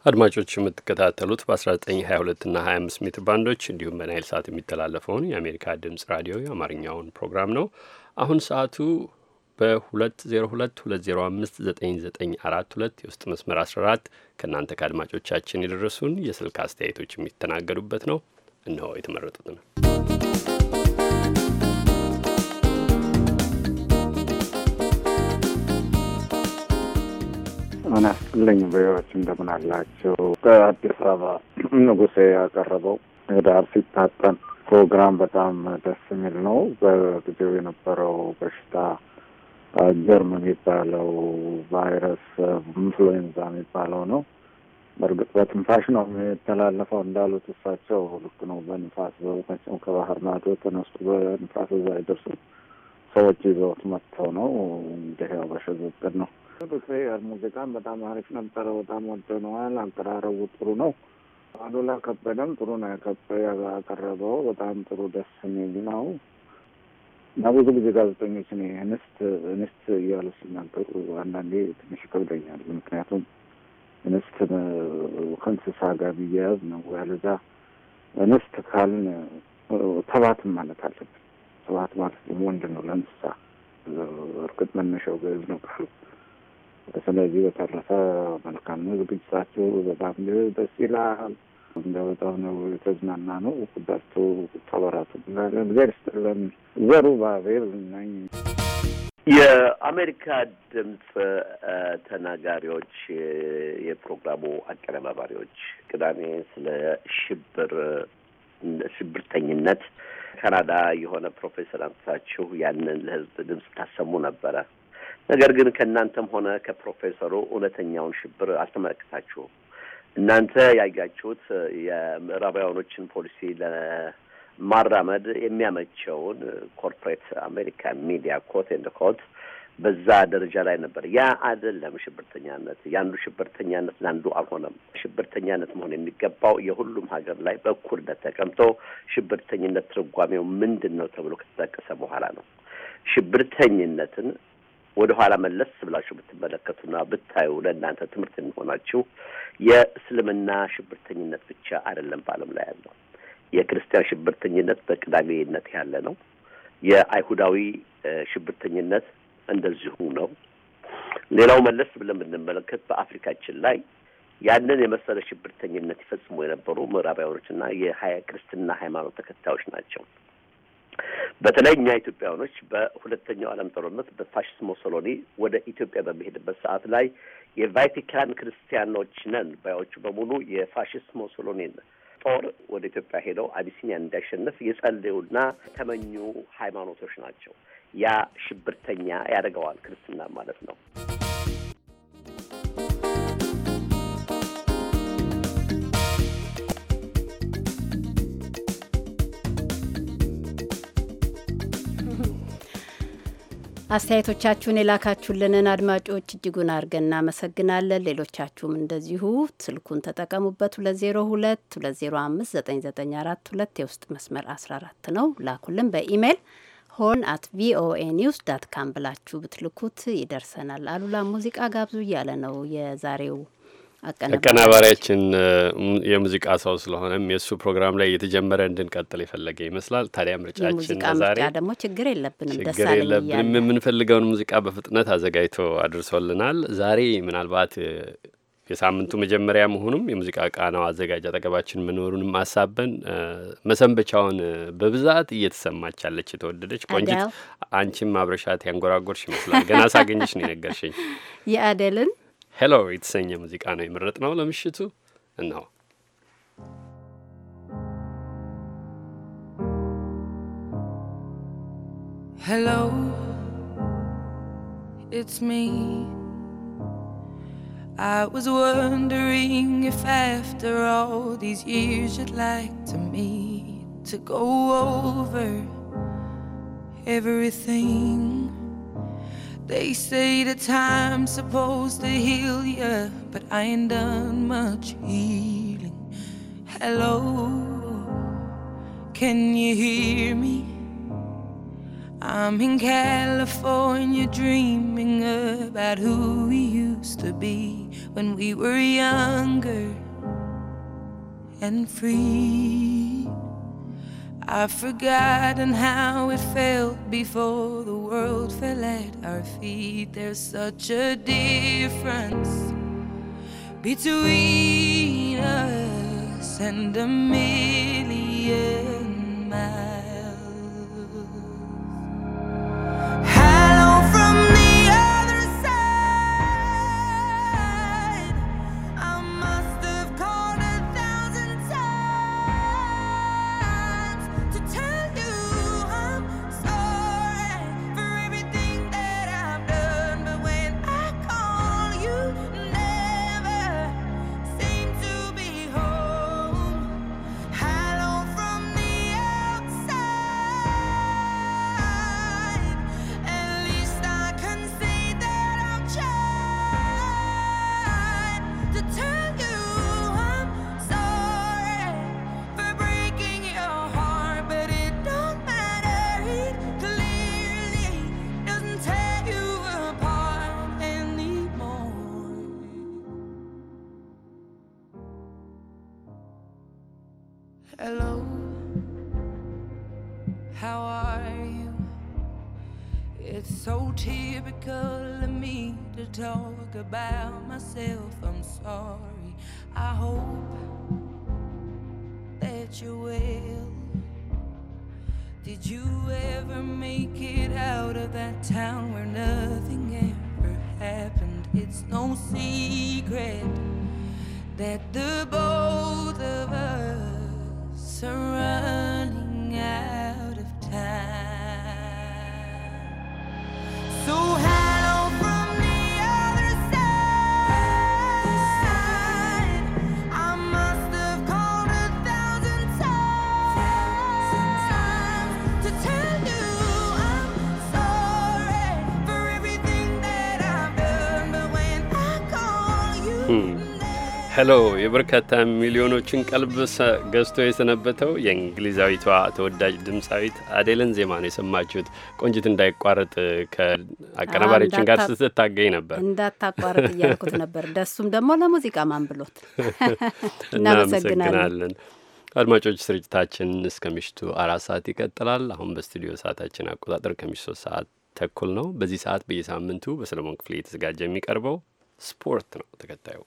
አድማጮች የምትከታተሉት በ1922 እና 25 ሜትር ባንዶች እንዲሁም በናይል ሰዓት የሚተላለፈውን የአሜሪካ ድምፅ ራዲዮ የአማርኛውን ፕሮግራም ነው። አሁን ሰዓቱ በ2022059942 የውስጥ መስመር 14 ከእናንተ ከአድማጮቻችን የደረሱን የስልክ አስተያየቶች የሚተናገዱበት ነው። እነሆ የተመረጡት ነው። ጤናን ያስጥልኝ። በህይወት እንደምን አላቸው። ከአዲስ አበባ ንጉሴ ያቀረበው ህዳር ሲታጠን ፕሮግራም በጣም ደስ የሚል ነው። በጊዜው የነበረው በሽታ ጀርም የሚባለው ቫይረስ ኢንፍሉዌንዛ የሚባለው ነው። በእርግጥ በትንፋሽ ነው የሚተላለፈው እንዳሉት እሳቸው ልክ ነው። በንፋስ በመቸም ከባህር ማዶ ተነስቶ በንፋስ እዛ አይደርሱም። ሰዎች ይዘውት መጥተው ነው እንዲህ ያው በሽግግር ነው ቅዱስ ሙዚቃን በጣም አሪፍ ነበረ። በጣም ወደነዋል። አቀራረቡ ጥሩ ነው። አሉላ ከበደም ጥሩ ነው ያቀረበው። በጣም ጥሩ ደስ የሚል ነው እና ብዙ ጊዜ ጋዜጠኞች እኔ እንስት እንስት እያሉ ሲናገሩ አንዳንዴ ትንሽ ይከብደኛል። ምክንያቱም እንስት ከእንስሳ ጋር ቢያያዝ ነው። ያለዛ እንስት ካልን ተባትም ማለት አለብን። ተባት ማለት ወንድ ነው ለእንስሳ። እርግጥ መነሻው ግዕዝ ነው ቃሉ ስለዚህ በተረፈ መልካም ነው። ዝግጅታችሁ በጣም ደስ ይላል። እንደ በጣም ነው የተዝናና ነው። ሁላችሁ ተበራቱ ብላለን። እግዚአብሔር ይስጥልን። ዘሩባቤል ነኝ። የአሜሪካ ድምፅ ተናጋሪዎች፣ የፕሮግራሙ አቀነባባሪዎች ቅዳሜ ስለ ሽብር ሽብርተኝነት ካናዳ የሆነ ፕሮፌሰር አምጥታችሁ ያንን ለህዝብ ድምፅ ታሰሙ ነበረ። ነገር ግን ከእናንተም ሆነ ከፕሮፌሰሩ እውነተኛውን ሽብር አልተመለከታችሁም። እናንተ ያያችሁት የምዕራባውያኖችን ፖሊሲ ለማራመድ የሚያመቸውን ኮርፖሬት አሜሪካ ሚዲያ ኮት ኤንድ ኮት በዛ ደረጃ ላይ ነበር። ያ አይደለም ሽብርተኛነት። የአንዱ ሽብርተኛነት ለአንዱ አልሆነም። ሽብርተኛነት መሆን የሚገባው የሁሉም ሀገር ላይ በእኩልነት ተቀምጦ ሽብርተኝነት ትርጓሜው ምንድን ነው ተብሎ ከተጠቀሰ በኋላ ነው። ሽብርተኝነትን ወደ ኋላ መለስ ብላችሁ ብትመለከቱና ብታዩ ለእናንተ ትምህርት የሚሆናችሁ የእስልምና ሽብርተኝነት ብቻ አይደለም በዓለም ላይ ያለው። የክርስቲያን ሽብርተኝነት በቅዳሜነት ያለ ነው። የአይሁዳዊ ሽብርተኝነት እንደዚሁ ነው። ሌላው መለስ ብለን ብንመለከት በአፍሪካችን ላይ ያንን የመሰለ ሽብርተኝነት ይፈጽሙ የነበሩ ምዕራባውያኖችና የክርስትና ሃይማኖት ተከታዮች ናቸው። በተለይ እኛ ኢትዮጵያውያኖች በሁለተኛው ዓለም ጦርነት በፋሽስት ሞሶሎኒ ወደ ኢትዮጵያ በሚሄድበት ሰዓት ላይ የቫቲካን ክርስቲያኖች ነን ባዮቹ በሙሉ የፋሽስት ሞሶሎኒን ጦር ወደ ኢትዮጵያ ሄደው አቢሲኒያን እንዲያሸንፍ የጸለዩና ተመኙ ሃይማኖቶች ናቸው። ያ ሽብርተኛ ያደርገዋል ክርስትና ማለት ነው። አስተያየቶቻችሁን የላካችሁልንን አድማጮች እጅጉን አድርገን እናመሰግናለን። ሌሎቻችሁም እንደዚሁ ስልኩን ተጠቀሙበት። 202 205 9942 የውስጥ መስመር 14 ነው። ላኩልን። በኢሜይል ሆን አት ቪኦኤ ኒውስ ዳት ካም ብላችሁ ብትልኩት ይደርሰናል። አሉላ ሙዚቃ ጋብዙ እያለ ነው የዛሬው አቀናባሪያችን የሙዚቃ ሰው ስለሆነም የእሱ ፕሮግራም ላይ እየተጀመረ እንድንቀጥል የፈለገ ይመስላል። ታዲያ ምርጫችን ዛሬ ደግሞ ችግር የለብንም ችግር የለብንም የምንፈልገውን ሙዚቃ በፍጥነት አዘጋጅቶ አድርሶልናል። ዛሬ ምናልባት የሳምንቱ መጀመሪያ መሆኑም የሙዚቃ ቃናው አዘጋጅ አጠገባችን መኖሩንም ማሳበን መሰንበቻውን በብዛት እየተሰማች ያለች የተወደደች ቆንጂት፣ አንቺም ማብረሻት ያንጎራጎርሽ ይመስላል። ገና ሳገኘሽ ነው የነገርሽኝ የአደልን ሄሎ የተሰኘ ሙዚቃ ነው የመረጥ ነው ለምሽቱ እነሆ። Hello, it's me. I was wondering if after all these years you'd like to meet to go over everything. They say that time's supposed to heal ya, but I ain't done much healing. Hello, can you hear me? I'm in California dreaming about who we used to be when we were younger and free. I've forgotten how it felt before the world fell at our feet. There's such a difference between us and a million miles. of me to talk about myself. I'm sorry. I hope that you will. Did you ever make it out of that town where nothing ever happened? It's no secret that the both of us are running out of time. So ሄሎ የበርካታ ሚሊዮኖችን ቀልብ ገዝቶ የሰነበተው የእንግሊዛዊቷ ተወዳጅ ድምፃዊት አዴልን ዜማ ነው የሰማችሁት። ቆንጅት እንዳይቋረጥ ከአቀናባሪዎችን ጋር ስትታገኝ ነበር። እንዳታቋረጥ እያልኩት ነበር። ደሱም ደግሞ ለሙዚቃ ማን ብሎት። እናመሰግናለን። አድማጮች ስርጭታችን እስከ ምሽቱ አራት ሰዓት ይቀጥላል። አሁን በስቱዲዮ ሰዓታችን አቆጣጠር ከምሽቱ ሶስት ሰዓት ተኩል ነው። በዚህ ሰዓት በየሳምንቱ በሰለሞን ክፍሌ እየተዘጋጀ የሚቀርበው ስፖርት ነው። ተከታዩ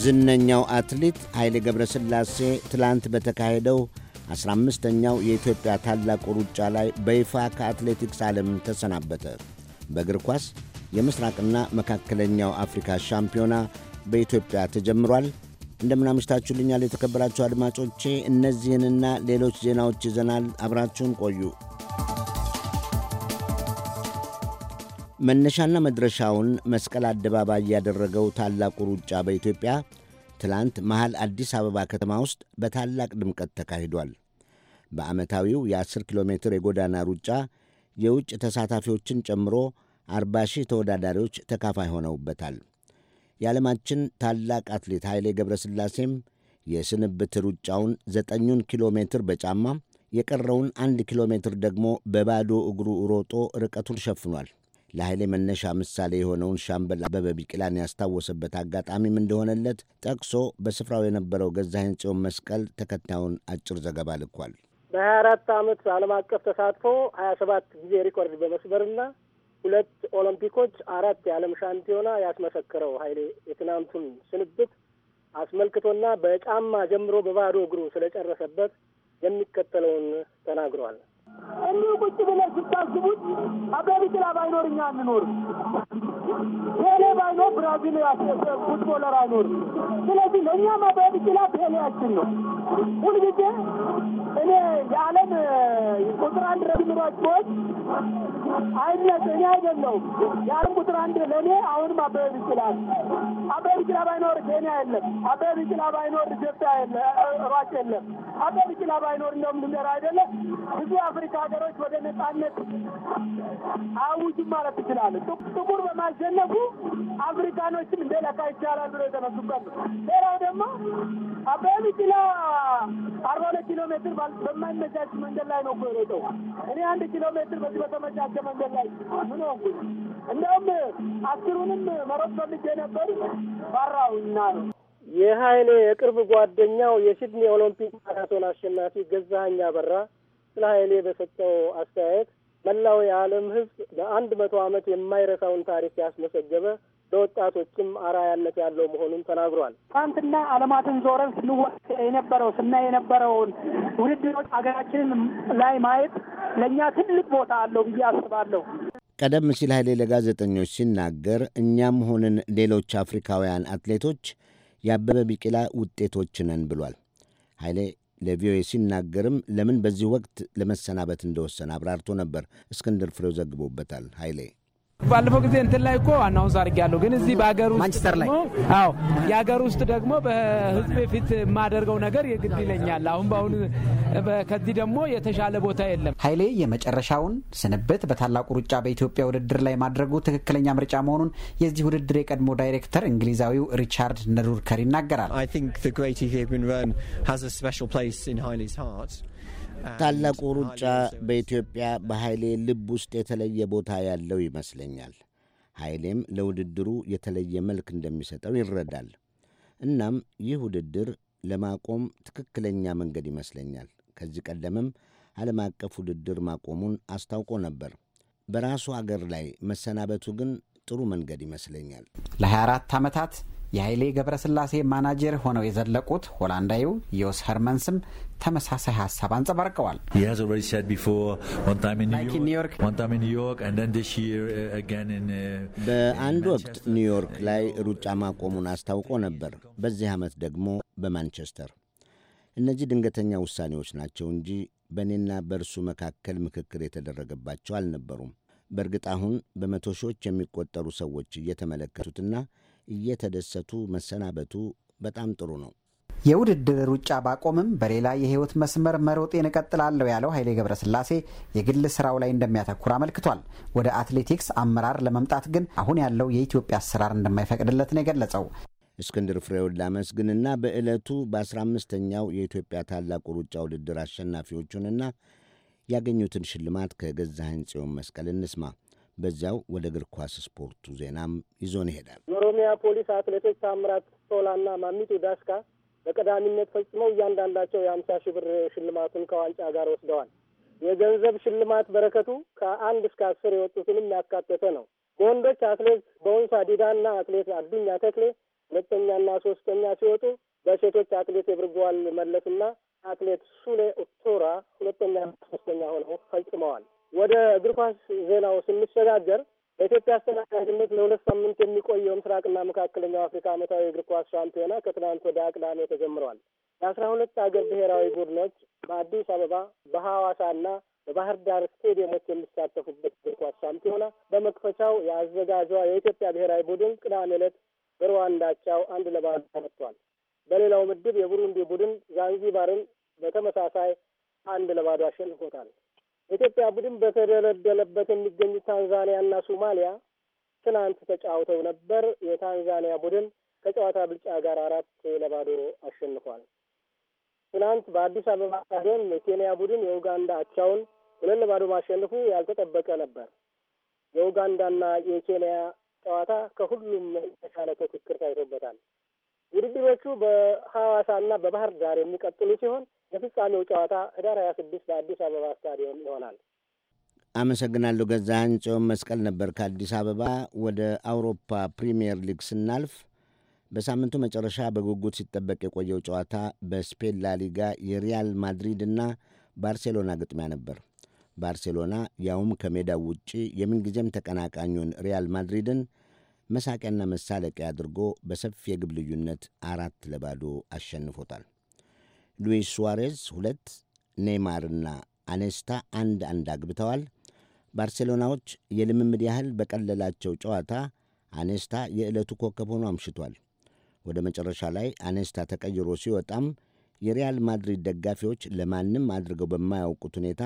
ዝነኛው አትሌት ኃይሌ ገብረስላሴ ትላንት በተካሄደው 15ኛው የኢትዮጵያ ታላቁ ሩጫ ላይ በይፋ ከአትሌቲክስ ዓለም ተሰናበተ። በእግር ኳስ የምስራቅና መካከለኛው አፍሪካ ሻምፒዮና በኢትዮጵያ ተጀምሯል። እንደምናምሽታችሁልኛል የተከበራችሁ አድማጮቼ፣ እነዚህንና ሌሎች ዜናዎች ይዘናል። አብራችሁን ቆዩ። መነሻና መድረሻውን መስቀል አደባባይ ያደረገው ታላቁ ሩጫ በኢትዮጵያ ትላንት መሃል አዲስ አበባ ከተማ ውስጥ በታላቅ ድምቀት ተካሂዷል። በዓመታዊው የ10 ኪሎ ሜትር የጎዳና ሩጫ የውጭ ተሳታፊዎችን ጨምሮ 40 ሺህ ተወዳዳሪዎች ተካፋይ ሆነውበታል። የዓለማችን ታላቅ አትሌት ኃይሌ ሥላሴም የስንብት ሩጫውን ዘጠኙን ኪሎ ሜትር በጫማ የቀረውን አንድ ኪሎ ሜትር ደግሞ በባዶ እግሩ ሮጦ ርቀቱን ሸፍኗል። ለኃይሌ መነሻ ምሳሌ የሆነውን ሻምበል አበበ ቢቂላን ያስታወሰበት አጋጣሚም እንደሆነለት ጠቅሶ በስፍራው የነበረው ገዛኸኝ ጽዮን መስቀል ተከታዩን አጭር ዘገባ ልኳል። በሀያ አራት ዓመት ዓለም አቀፍ ተሳትፎ ሀያ ሰባት ጊዜ ሪኮርድ በመስበርና ሁለት ኦሎምፒኮች፣ አራት የዓለም ሻምፒዮና ያስመሰከረው ኃይሌ የትናንቱን ስንብት አስመልክቶና በጫማ ጀምሮ በባዶ እግሩ ስለጨረሰበት የሚከተለውን ተናግሯል። እንዲሁ ቁጭ ብለህ ስታስቡት አበበ ቢቂላ ባይኖር እኛ አንኖርም። ፔሌ ባይኖር ብራዚል ፉትቦለር አይኖርም። ስለዚህ ለእኛም አበበ ቢቂላ ፔሌያችን ነው። ሁልጊዜ እኔ የዓለም ቁጥር አንድ ረግምሯችዎች አይነት እኔ አይደለሁም። የዓለም ቁጥር አንድ ለእኔ አሁንም አበበ ቢቂላ አበበ ቢቂላ ባይኖር ኬንያ የለም። አበበ ቢቂላ ባይኖር ኢትዮጵያ ሯጭ የለም። አበበ ቢቂላ ባይኖር እንደውም ልንደራ አይደለም ብዙ የአፍሪካ ሀገሮች ወደ ነጻነት አውጁ ማለት ይችላል። ጥቁር በማሸነፉ አፍሪካኖችም እንደለካ ይቻላል ብሎ የተነሱበት ሌላው ደግሞ አበበ ቢቂላ አርባ ሁለት ኪሎ ሜትር በማይመቻች መንገድ ላይ ነው እኮ የሮጠው። እኔ አንድ ኪሎ ሜትር በዚህ በተመቻቸ መንገድ ላይ ምን ሆንኩኝ? እንደውም አስሩንም መሮጥ ፈልጌ ነበር ባራውና ነው የሀይሌ የቅርብ ጓደኛው የሲድኒ ኦሎምፒክ ማራቶን አሸናፊ ገዛኸኝ አበራ ስለ ኃይሌ በሰጠው አስተያየት መላው የዓለም ሕዝብ በአንድ መቶ ዓመት የማይረሳውን ታሪክ ያስመሰገበ ለወጣቶችም አራያነት ያለው መሆኑን ተናግሯል። ትናንትና ዓለማትን ዞረን ስንወቅ የነበረው ስናይ የነበረውን ውድድሮች ሀገራችንን ላይ ማየት ለእኛ ትልቅ ቦታ አለው ብዬ አስባለሁ። ቀደም ሲል ኃይሌ ለጋዜጠኞች ሲናገር እኛም ሆንን ሌሎች አፍሪካውያን አትሌቶች የአበበ ቢቂላ ውጤቶች ነን ብሏል። ኃይሌ ለቪኦኤ ሲናገርም ለምን በዚህ ወቅት ለመሰናበት እንደወሰነ አብራርቶ ነበር። እስክንድር ፍሬው ዘግቦበታል። ኃይሌ ባለፈው ጊዜ እንትን ላይ እኮ አናውንስ አድርጌያለሁ፣ ግን እዚህ በሀገር ውስጥ ደግሞ አዎ የሀገር ውስጥ ደግሞ በህዝብ ፊት የማደርገው ነገር የግድ ይለኛል። አሁን በአሁን ከዚህ ደግሞ የተሻለ ቦታ የለም። ኃይሌ የመጨረሻውን ስንብት በታላቁ ሩጫ በኢትዮጵያ ውድድር ላይ ማድረጉ ትክክለኛ ምርጫ መሆኑን የዚህ ውድድር የቀድሞ ዳይሬክተር እንግሊዛዊው ሪቻርድ ነዱርከር ይናገራል። ታላቁ ሩጫ በኢትዮጵያ በኃይሌ ልብ ውስጥ የተለየ ቦታ ያለው ይመስለኛል። ኃይሌም ለውድድሩ የተለየ መልክ እንደሚሰጠው ይረዳል። እናም ይህ ውድድር ለማቆም ትክክለኛ መንገድ ይመስለኛል። ከዚህ ቀደምም ዓለም አቀፍ ውድድር ማቆሙን አስታውቆ ነበር። በራሱ አገር ላይ መሰናበቱ ግን ጥሩ መንገድ ይመስለኛል። ለ24 ዓመታት የኃይሌ ገብረስላሴ ማናጀር ሆነው የዘለቁት ሆላንዳዊው ዮስ ሀርመንስም ተመሳሳይ ሀሳብ አንጸባርቀዋል። በአንድ ወቅት ኒውዮርክ ላይ ሩጫ ማቆሙን አስታውቆ ነበር። በዚህ ዓመት ደግሞ በማንቸስተር። እነዚህ ድንገተኛ ውሳኔዎች ናቸው እንጂ በእኔና በእርሱ መካከል ምክክር የተደረገባቸው አልነበሩም። በእርግጥ አሁን በመቶ ሺዎች የሚቆጠሩ ሰዎች እየተመለከቱትና እየተደሰቱ መሰናበቱ በጣም ጥሩ ነው። የውድድር ሩጫ ባቆምም በሌላ የህይወት መስመር መሮጤን እቀጥላለሁ ያለው ኃይሌ ገብረስላሴ የግል ስራው ላይ እንደሚያተኩር አመልክቷል። ወደ አትሌቲክስ አመራር ለመምጣት ግን አሁን ያለው የኢትዮጵያ አሰራር እንደማይፈቅድለት ነው የገለጸው። እስክንድር ፍሬውን ላመስግንና በዕለቱ በ15ኛው የኢትዮጵያ ታላቁ ሩጫ ውድድር አሸናፊዎቹንና ያገኙትን ሽልማት ከገዛኸኝ ጽዮን መስቀል እንስማ። በዚያው ወደ እግር ኳስ ስፖርቱ ዜናም ይዞን ይሄዳል። የኦሮሚያ ፖሊስ አትሌቶች ታምራት ቶላና ማሚቱ ዳስካ በቀዳሚነት ፈጽመው እያንዳንዳቸው የአምሳ ሺህ ብር ሽልማቱን ከዋንጫ ጋር ወስደዋል። የገንዘብ ሽልማት በረከቱ ከአንድ እስከ አስር የወጡትንም ያካተተ ነው። በወንዶች አትሌት በወንሳ ዲዳና አትሌት አዱኛ ተክሌ ሁለተኛና ሶስተኛ ሲወጡ በሴቶች አትሌት የብርጓዋል መለስና አትሌት ሱሌ ኡቶራ ሁለተኛ ሶስተኛ ሆነው ፈጽመዋል። ወደ እግር ኳስ ዜናው ስንሸጋገር በኢትዮጵያ አስተናጋጅነት ለሁለት ሳምንት የሚቆየው ምስራቅና መካከለኛው አፍሪካ ዓመታዊ እግር ኳስ ሻምፒዮና ከትናንት ወደ ቅዳሜ ተጀምሯል። የአስራ ሁለት አገር ብሔራዊ ቡድኖች በአዲስ አበባ በሐዋሳና በባህር ዳር ስቴዲየሞች የሚሳተፉበት እግር ኳስ ሻምፒዮና በመክፈቻው የአዘጋጇ የኢትዮጵያ ብሔራዊ ቡድን ቅዳሜ ዕለት በሩዋንዳቻው አንድ ለባዶ ተመቷል። በሌላው ምድብ የቡሩንዲ ቡድን ዛንዚባርን በተመሳሳይ አንድ ለባዶ አሸንፎታል። የኢትዮጵያ ቡድን በተደለደለበት የሚገኙ ታንዛኒያና ሶማሊያ ትናንት ተጫውተው ነበር። የታንዛኒያ ቡድን ከጨዋታ ብልጫ ጋር አራት ለባዶ አሸንፏል። ትናንት በአዲስ አበባ ስታዲየም የኬንያ ቡድን የኡጋንዳ አቻውን ሁለት ለባዶ ማሸንፉ ያልተጠበቀ ነበር። የኡጋንዳና የኬንያ ጨዋታ ከሁሉም የተሻለ ፉክክር ታይቶበታል። ውድድሮቹ በሐዋሳና በባህር ዳር የሚቀጥሉ ሲሆን የፍጻሜው ጨዋታ ህዳር 26 በአዲስ አበባ ስታዲየም ይሆናል። አመሰግናለሁ። ገዛኸኝ ጽዮን መስቀል ነበር ከአዲስ አበባ። ወደ አውሮፓ ፕሪምየር ሊግ ስናልፍ በሳምንቱ መጨረሻ በጉጉት ሲጠበቅ የቆየው ጨዋታ በስፔን ላሊጋ የሪያል ማድሪድ እና ባርሴሎና ግጥሚያ ነበር። ባርሴሎና ያውም ከሜዳው ውጪ የምንጊዜም ተቀናቃኙን ሪያል ማድሪድን መሳቂያና መሳለቂያ አድርጎ በሰፊ የግብ ልዩነት አራት ለባዶ አሸንፎታል። ሉዊስ ሱዋሬዝ ሁለት፣ ኔይማርና አኔስታ አንድ አንድ አግብተዋል። ባርሴሎናዎች የልምምድ ያህል በቀለላቸው ጨዋታ አኔስታ የዕለቱ ኮከብ ሆኖ አምሽቷል። ወደ መጨረሻ ላይ አኔስታ ተቀይሮ ሲወጣም የሪያል ማድሪድ ደጋፊዎች ለማንም አድርገው በማያውቁት ሁኔታ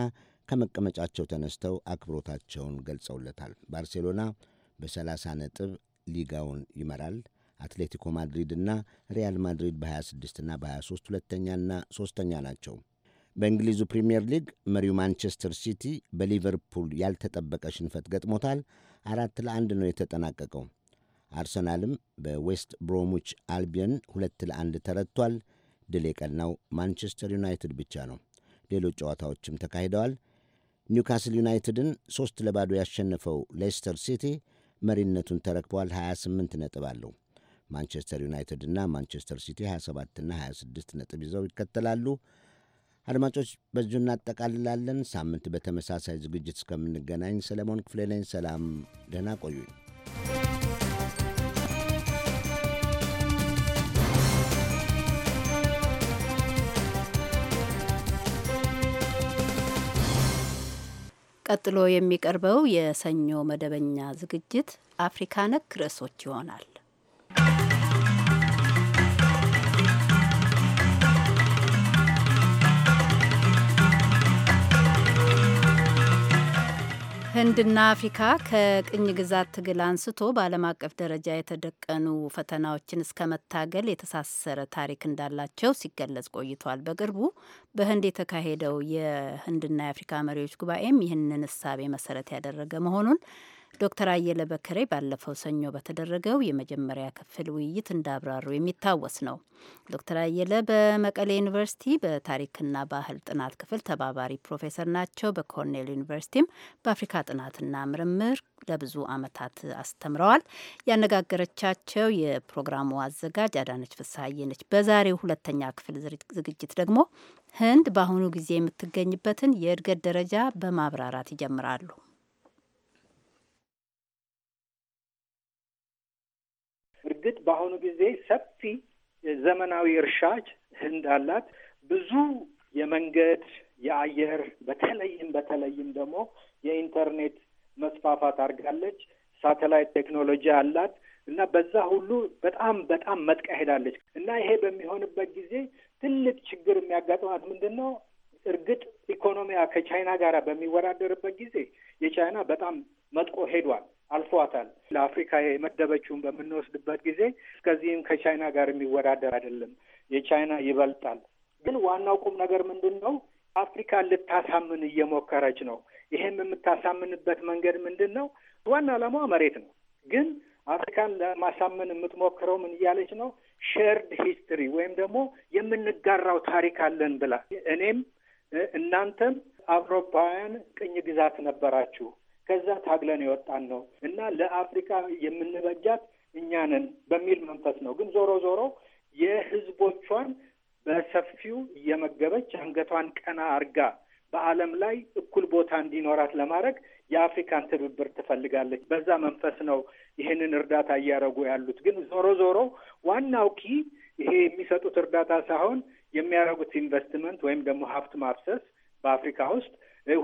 ከመቀመጫቸው ተነስተው አክብሮታቸውን ገልጸውለታል። ባርሴሎና በ30 ነጥብ ሊጋውን ይመራል። አትሌቲኮ ማድሪድ እና ሪያል ማድሪድ በ26 እና በ23 ሁለተኛና ሦስተኛ ናቸው። በእንግሊዙ ፕሪምየር ሊግ መሪው ማንቸስተር ሲቲ በሊቨርፑል ያልተጠበቀ ሽንፈት ገጥሞታል። አራት ለአንድ ነው የተጠናቀቀው። አርሰናልም በዌስት ብሮሙች አልቢየን ሁለት ለአንድ ተረቷል። ድል የቀናው ማንቸስተር ዩናይትድ ብቻ ነው። ሌሎች ጨዋታዎችም ተካሂደዋል። ኒውካስል ዩናይትድን ሦስት ለባዶ ያሸነፈው ሌስተር ሲቲ መሪነቱን ተረክቧል። 28 ነጥብ አለው። ማንቸስተር ዩናይትድ እና ማንቸስተር ሲቲ 27ና 26 ነጥብ ይዘው ይከተላሉ። አድማጮች በዚሁ እናጠቃልላለን። ሳምንት በተመሳሳይ ዝግጅት እስከምንገናኝ ሰለሞን ክፍሌ ነኝ። ሰላም፣ ደህና ቆዩኝ። ቀጥሎ የሚቀርበው የሰኞ መደበኛ ዝግጅት አፍሪካ ነክ ርዕሶች ይሆናል። ህንድና አፍሪካ ከቅኝ ግዛት ትግል አንስቶ በዓለም አቀፍ ደረጃ የተደቀኑ ፈተናዎችን እስከ መታገል የተሳሰረ ታሪክ እንዳላቸው ሲገለጽ ቆይቷል። በቅርቡ በህንድ የተካሄደው የህንድና የአፍሪካ መሪዎች ጉባኤም ይህንን እሳቤ መሰረት ያደረገ መሆኑን ዶክተር አየለ በከሬ ባለፈው ሰኞ በተደረገው የመጀመሪያ ክፍል ውይይት እንዳብራሩ የሚታወስ ነው። ዶክተር አየለ በመቀሌ ዩኒቨርሲቲ በታሪክና ባህል ጥናት ክፍል ተባባሪ ፕሮፌሰር ናቸው። በኮርኔል ዩኒቨርሲቲም በአፍሪካ ጥናትና ምርምር ለብዙ ዓመታት አስተምረዋል። ያነጋገረቻቸው የፕሮግራሙ አዘጋጅ አዳነች ፍስሀዬ ነች። በዛሬው ሁለተኛ ክፍል ዝግጅት ደግሞ ህንድ በአሁኑ ጊዜ የምትገኝበትን የእድገት ደረጃ በማብራራት ይጀምራሉ። እርግጥ በአሁኑ ጊዜ ሰፊ ዘመናዊ እርሻ ህንድ አላት። ብዙ የመንገድ የአየር በተለይም በተለይም ደግሞ የኢንተርኔት መስፋፋት አድርጋለች። ሳተላይት ቴክኖሎጂ አላት እና በዛ ሁሉ በጣም በጣም መጥቃ ሄዳለች እና ይሄ በሚሆንበት ጊዜ ትልቅ ችግር የሚያጋጥማት ምንድን ነው? እርግጥ ኢኮኖሚያ ከቻይና ጋር በሚወዳደርበት ጊዜ የቻይና በጣም መጥቆ ሄዷል፣ አልፏታል። ለአፍሪካ የመደበችውን በምንወስድበት ጊዜ እስከዚህም ከቻይና ጋር የሚወዳደር አይደለም። የቻይና ይበልጣል። ግን ዋናው ቁም ነገር ምንድን ነው? አፍሪካ ልታሳምን እየሞከረች ነው። ይሄም የምታሳምንበት መንገድ ምንድን ነው? ዋና ዓላማዋ መሬት ነው። ግን አፍሪካን ለማሳመን የምትሞክረው ምን እያለች ነው? ሼርድ ሂስትሪ ወይም ደግሞ የምንጋራው ታሪክ አለን ብላ እኔም እናንተም አውሮፓውያን ቅኝ ግዛት ነበራችሁ ከዛ ታግለን የወጣን ነው እና ለአፍሪካ የምንበጃት እኛንን በሚል መንፈስ ነው። ግን ዞሮ ዞሮ የህዝቦቿን በሰፊው እየመገበች አንገቷን ቀና አርጋ በዓለም ላይ እኩል ቦታ እንዲኖራት ለማድረግ የአፍሪካን ትብብር ትፈልጋለች። በዛ መንፈስ ነው ይህንን እርዳታ እያደረጉ ያሉት። ግን ዞሮ ዞሮ ዋናው ኪ ይሄ የሚሰጡት እርዳታ ሳይሆን የሚያደርጉት ኢንቨስትመንት ወይም ደግሞ ሀብት ማፍሰስ በአፍሪካ ውስጥ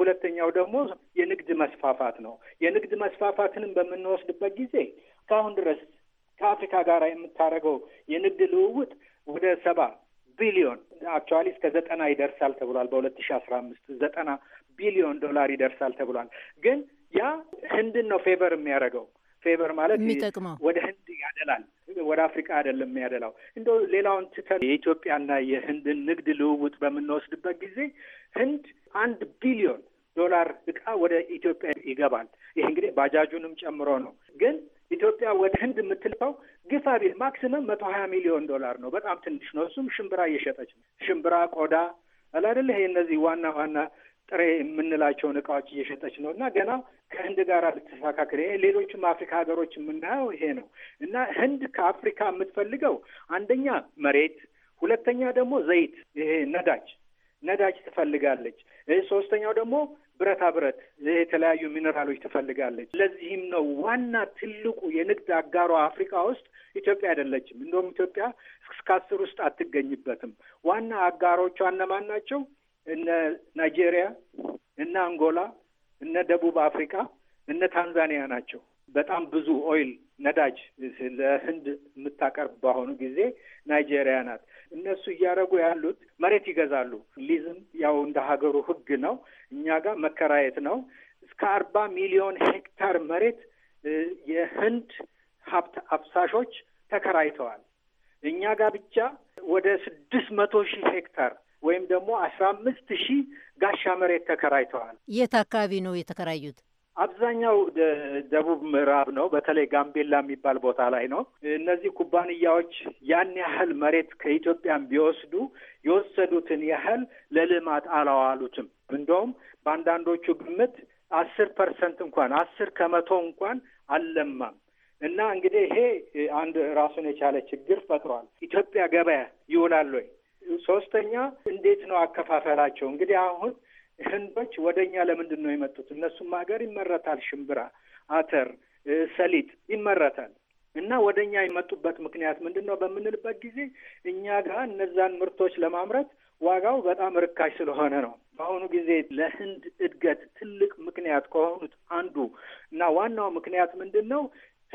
ሁለተኛው ደግሞ የንግድ መስፋፋት ነው። የንግድ መስፋፋትንም በምንወስድበት ጊዜ እስካሁን ድረስ ከአፍሪካ ጋር የምታደርገው የንግድ ልውውጥ ወደ ሰባ ቢሊዮን አክቹዋሊ እስከ ዘጠና ይደርሳል ተብሏል። በሁለት ሺ አስራ አምስት ዘጠና ቢሊዮን ዶላር ይደርሳል ተብሏል። ግን ያ ህንድን ነው ፌቨር የሚያደርገው ፌቨር ማለት ወደ ህንድ ያደላል፣ ወደ አፍሪካ አይደለም ያደላው። እንደ ሌላውን ትተን የኢትዮጵያና የህንድን ንግድ ልውውጥ በምንወስድበት ጊዜ ህንድ አንድ ቢሊዮን ዶላር እቃ ወደ ኢትዮጵያ ይገባል። ይህ እንግዲህ ባጃጁንም ጨምሮ ነው። ግን ኢትዮጵያ ወደ ህንድ የምትልፈው ግፋ ቢል ማክሲመም መቶ ሀያ ሚሊዮን ዶላር ነው። በጣም ትንሽ ነው። እሱም ሽምብራ እየሸጠች ነው። ሽምብራ፣ ቆዳ አላደለ ይሄ እነዚህ ዋና ዋና ጥሬ የምንላቸውን እቃዎች እየሸጠች ነው እና ገና ከህንድ ጋር ልትተካከል ሌሎችም አፍሪካ ሀገሮች የምናየው ይሄ ነው እና ህንድ ከአፍሪካ የምትፈልገው አንደኛ መሬት፣ ሁለተኛ ደግሞ ዘይት፣ ይሄ ነዳጅ ነዳጅ ትፈልጋለች። ሶስተኛው ደግሞ ብረታ ብረት፣ የተለያዩ ሚነራሎች ትፈልጋለች። ለዚህም ነው ዋና ትልቁ የንግድ አጋሯ አፍሪካ ውስጥ ኢትዮጵያ አይደለችም። እንደውም ኢትዮጵያ እስከ አስር ውስጥ አትገኝበትም። ዋና አጋሮቿ እነማን ናቸው? እነ ናይጄሪያ፣ እነ አንጎላ፣ እነ ደቡብ አፍሪካ፣ እነ ታንዛኒያ ናቸው። በጣም ብዙ ኦይል ነዳጅ ለህንድ የምታቀርብ በአሁኑ ጊዜ ናይጄሪያ ናት። እነሱ እያደረጉ ያሉት መሬት ይገዛሉ። ሊዝም ያው እንደ ሀገሩ ህግ ነው። እኛ ጋር መከራየት ነው። እስከ አርባ ሚሊዮን ሄክታር መሬት የህንድ ሀብት አፍሳሾች ተከራይተዋል። እኛ ጋር ብቻ ወደ ስድስት መቶ ሺህ ሄክታር ወይም ደግሞ አስራ አምስት ሺህ ጋሻ መሬት ተከራይተዋል። የት አካባቢ ነው የተከራዩት? አብዛኛው ደቡብ ምዕራብ ነው። በተለይ ጋምቤላ የሚባል ቦታ ላይ ነው። እነዚህ ኩባንያዎች ያን ያህል መሬት ከኢትዮጵያን ቢወስዱ የወሰዱትን ያህል ለልማት አላዋሉትም። እንደውም በአንዳንዶቹ ግምት አስር ፐርሰንት እንኳን አስር ከመቶ እንኳን አልለማም። እና እንግዲህ ይሄ አንድ ራሱን የቻለ ችግር ፈጥሯል። ኢትዮጵያ ገበያ ይውላል ወይ? ሶስተኛ እንዴት ነው አከፋፈላቸው? እንግዲህ አሁን ህንዶች ወደ እኛ ለምንድን ነው የመጡት? እነሱም ሀገር ይመረታል፣ ሽምብራ፣ አተር፣ ሰሊጥ ይመረታል። እና ወደ እኛ የመጡበት ምክንያት ምንድን ነው በምንልበት ጊዜ እኛ ጋር እነዛን ምርቶች ለማምረት ዋጋው በጣም ርካሽ ስለሆነ ነው። በአሁኑ ጊዜ ለህንድ እድገት ትልቅ ምክንያት ከሆኑት አንዱ እና ዋናው ምክንያት ምንድን ነው?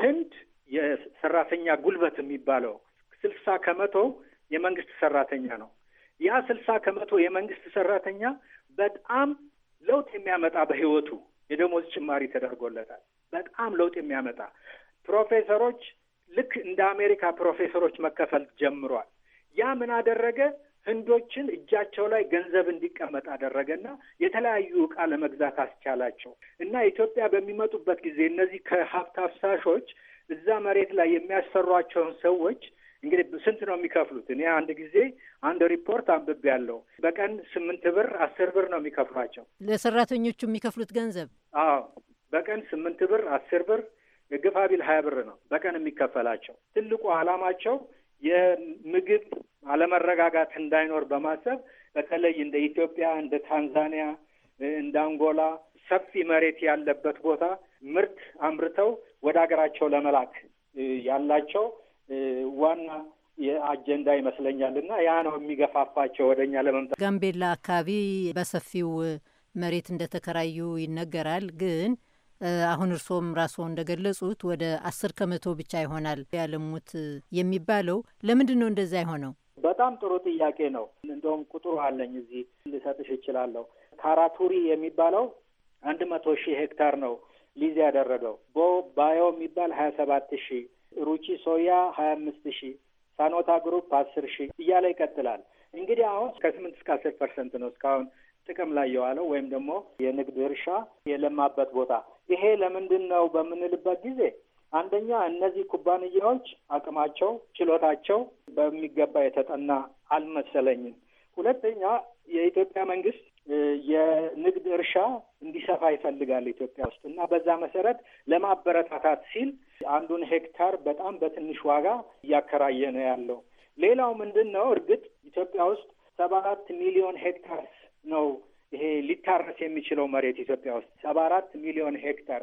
ህንድ የሰራተኛ ጉልበት የሚባለው ስልሳ ከመቶ የመንግስት ሰራተኛ ነው። ያ ስልሳ ከመቶ የመንግስት ሰራተኛ በጣም ለውጥ የሚያመጣ በህይወቱ የደሞዝ ጭማሪ ተደርጎለታል። በጣም ለውጥ የሚያመጣ ፕሮፌሰሮች ልክ እንደ አሜሪካ ፕሮፌሰሮች መከፈል ጀምሯል። ያ ምን አደረገ? ህንዶችን እጃቸው ላይ ገንዘብ እንዲቀመጥ አደረገና የተለያዩ እቃ ለመግዛት አስቻላቸው እና ኢትዮጵያ በሚመጡበት ጊዜ እነዚህ ከሀብት አፍሳሾች እዛ መሬት ላይ የሚያሰሯቸውን ሰዎች እንግዲህ ስንት ነው የሚከፍሉት? እኔ አንድ ጊዜ አንድ ሪፖርት አንብቤ ያለው በቀን ስምንት ብር አስር ብር ነው የሚከፍሏቸው ለሰራተኞቹ የሚከፍሉት ገንዘብ። አዎ በቀን ስምንት ብር አስር ብር ግፋ ቢል ሀያ ብር ነው በቀን የሚከፈላቸው። ትልቁ አላማቸው የምግብ አለመረጋጋት እንዳይኖር በማሰብ በተለይ እንደ ኢትዮጵያ፣ እንደ ታንዛኒያ፣ እንደ አንጎላ ሰፊ መሬት ያለበት ቦታ ምርት አምርተው ወደ ሀገራቸው ለመላክ ያላቸው ዋና የአጀንዳ ይመስለኛል እና ያ ነው የሚገፋፋቸው ወደ እኛ ለመምጣት። ጋምቤላ አካባቢ በሰፊው መሬት እንደተከራዩ ይነገራል። ግን አሁን እርስዎም ራስዎ እንደገለጹት ወደ አስር ከመቶ ብቻ ይሆናል ያለሙት የሚባለው ለምንድን ነው እንደዚያ የሆነው? በጣም ጥሩ ጥያቄ ነው። እንደውም ቁጥሩ አለኝ እዚህ ልሰጥሽ እችላለሁ። ካራቱሪ የሚባለው አንድ መቶ ሺህ ሄክታር ነው ሊዝ ያደረገው። ቦ ባዮ የሚባል ሀያ ሰባት ሺህ ሩቺ ሶያ ሀያ አምስት ሺ ሳኖታ ግሩፕ አስር ሺ እያለ ይቀጥላል። እንግዲህ አሁን ከስምንት እስከ አስር ፐርሰንት ነው እስካሁን ጥቅም ላይ የዋለው ወይም ደግሞ የንግድ እርሻ የለማበት ቦታ። ይሄ ለምንድን ነው በምንልበት ጊዜ አንደኛ እነዚህ ኩባንያዎች አቅማቸው፣ ችሎታቸው በሚገባ የተጠና አልመሰለኝም። ሁለተኛ የኢትዮጵያ መንግስት የንግድ እርሻ እንዲሰፋ ይፈልጋል ኢትዮጵያ ውስጥ እና በዛ መሰረት ለማበረታታት ሲል አንዱን ሄክታር በጣም በትንሽ ዋጋ እያከራየ ነው ያለው። ሌላው ምንድን ነው? እርግጥ ኢትዮጵያ ውስጥ ሰባ አራት ሚሊዮን ሄክታር ነው ይሄ ሊታረስ የሚችለው መሬት ኢትዮጵያ ውስጥ ሰባ አራት ሚሊዮን ሄክታር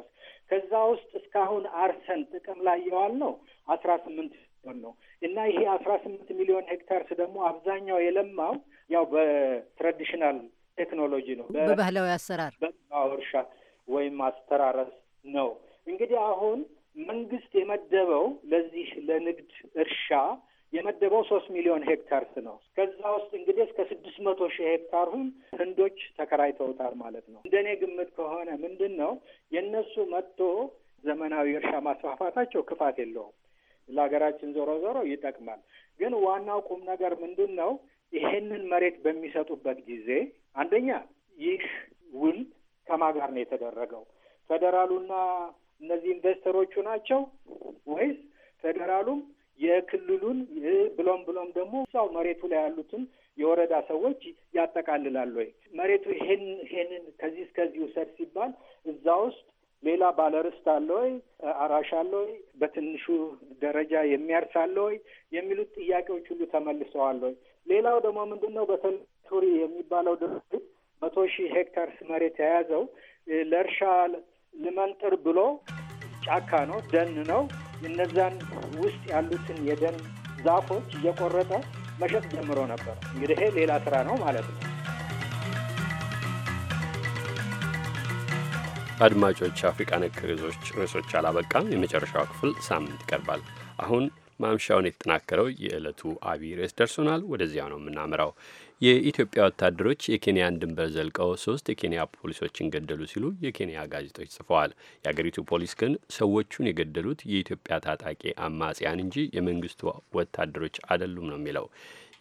ከዛ ውስጥ እስካሁን አርሰን ጥቅም ላይ የዋል ነው አስራ ስምንት ሚሊዮን ነው እና ይሄ አስራ ስምንት ሚሊዮን ሄክታርስ ደግሞ አብዛኛው የለማው ያው በትራዲሽናል ቴክኖሎጂ ነው፣ በባህላዊ አሰራር በእርሻ ወይም አስተራረስ ነው። እንግዲህ አሁን መንግስት የመደበው ለዚህ ለንግድ እርሻ የመደበው ሶስት ሚሊዮን ሄክታርስ ነው። ከዛ ውስጥ እንግዲህ እስከ ስድስት መቶ ሺህ ሄክታሩን ህንዶች ተከራይተውታል ማለት ነው። እንደኔ ግምት ከሆነ ምንድን ነው የእነሱ መጥቶ ዘመናዊ እርሻ ማስፋፋታቸው ክፋት የለውም። ለሀገራችን ዞሮ ዞሮ ይጠቅማል። ግን ዋናው ቁም ነገር ምንድን ነው? ይሄንን መሬት በሚሰጡበት ጊዜ አንደኛ ይህ ውል ከማጋር ነው የተደረገው? ፌዴራሉና እነዚህ ኢንቨስተሮቹ ናቸው ወይስ ፌዴራሉም የክልሉን ብሎም ብሎም ደግሞ ያው መሬቱ ላይ ያሉትን የወረዳ ሰዎች ያጠቃልላል ወይ? መሬቱ ይሄን ይሄንን ከዚህ እስከዚህ ውሰድ ሲባል እዛ ውስጥ ሌላ ባለርስት አለ ወይ? አራሽ አለ ወይ? በትንሹ ደረጃ የሚያርስ አለ ወይ? የሚሉት ጥያቄዎች ሁሉ ተመልሰዋል ወይ? ሌላው ደግሞ ምንድን ነው በተቱሪ የሚባለው ድርጅት መቶ ሺህ ሄክታርስ መሬት የያዘው ለእርሻ ልመንጥር ብሎ ጫካ ነው፣ ደን ነው። እነዛን ውስጥ ያሉትን የደን ዛፎች እየቆረጠ መሸጥ ጀምሮ ነበር። እንግዲህ ይሄ ሌላ ስራ ነው ማለት ነው። አድማጮች፣ አፍሪቃ ነክ ርዕሶች አላበቃም። የመጨረሻው ክፍል ሳምንት ይቀርባል። አሁን ማምሻውን የተጠናከረው የዕለቱ አቢይ ርዕስ ደርሶናል። ወደዚያ ነው የምናምራው። የኢትዮጵያ ወታደሮች የኬንያን ድንበር ዘልቀው ሶስት የኬንያ ፖሊሶችን ገደሉ ሲሉ የኬንያ ጋዜጦች ጽፈዋል። የአገሪቱ ፖሊስ ግን ሰዎቹን የገደሉት የኢትዮጵያ ታጣቂ አማጽያን እንጂ የመንግስቱ ወታደሮች አይደሉም ነው የሚለው።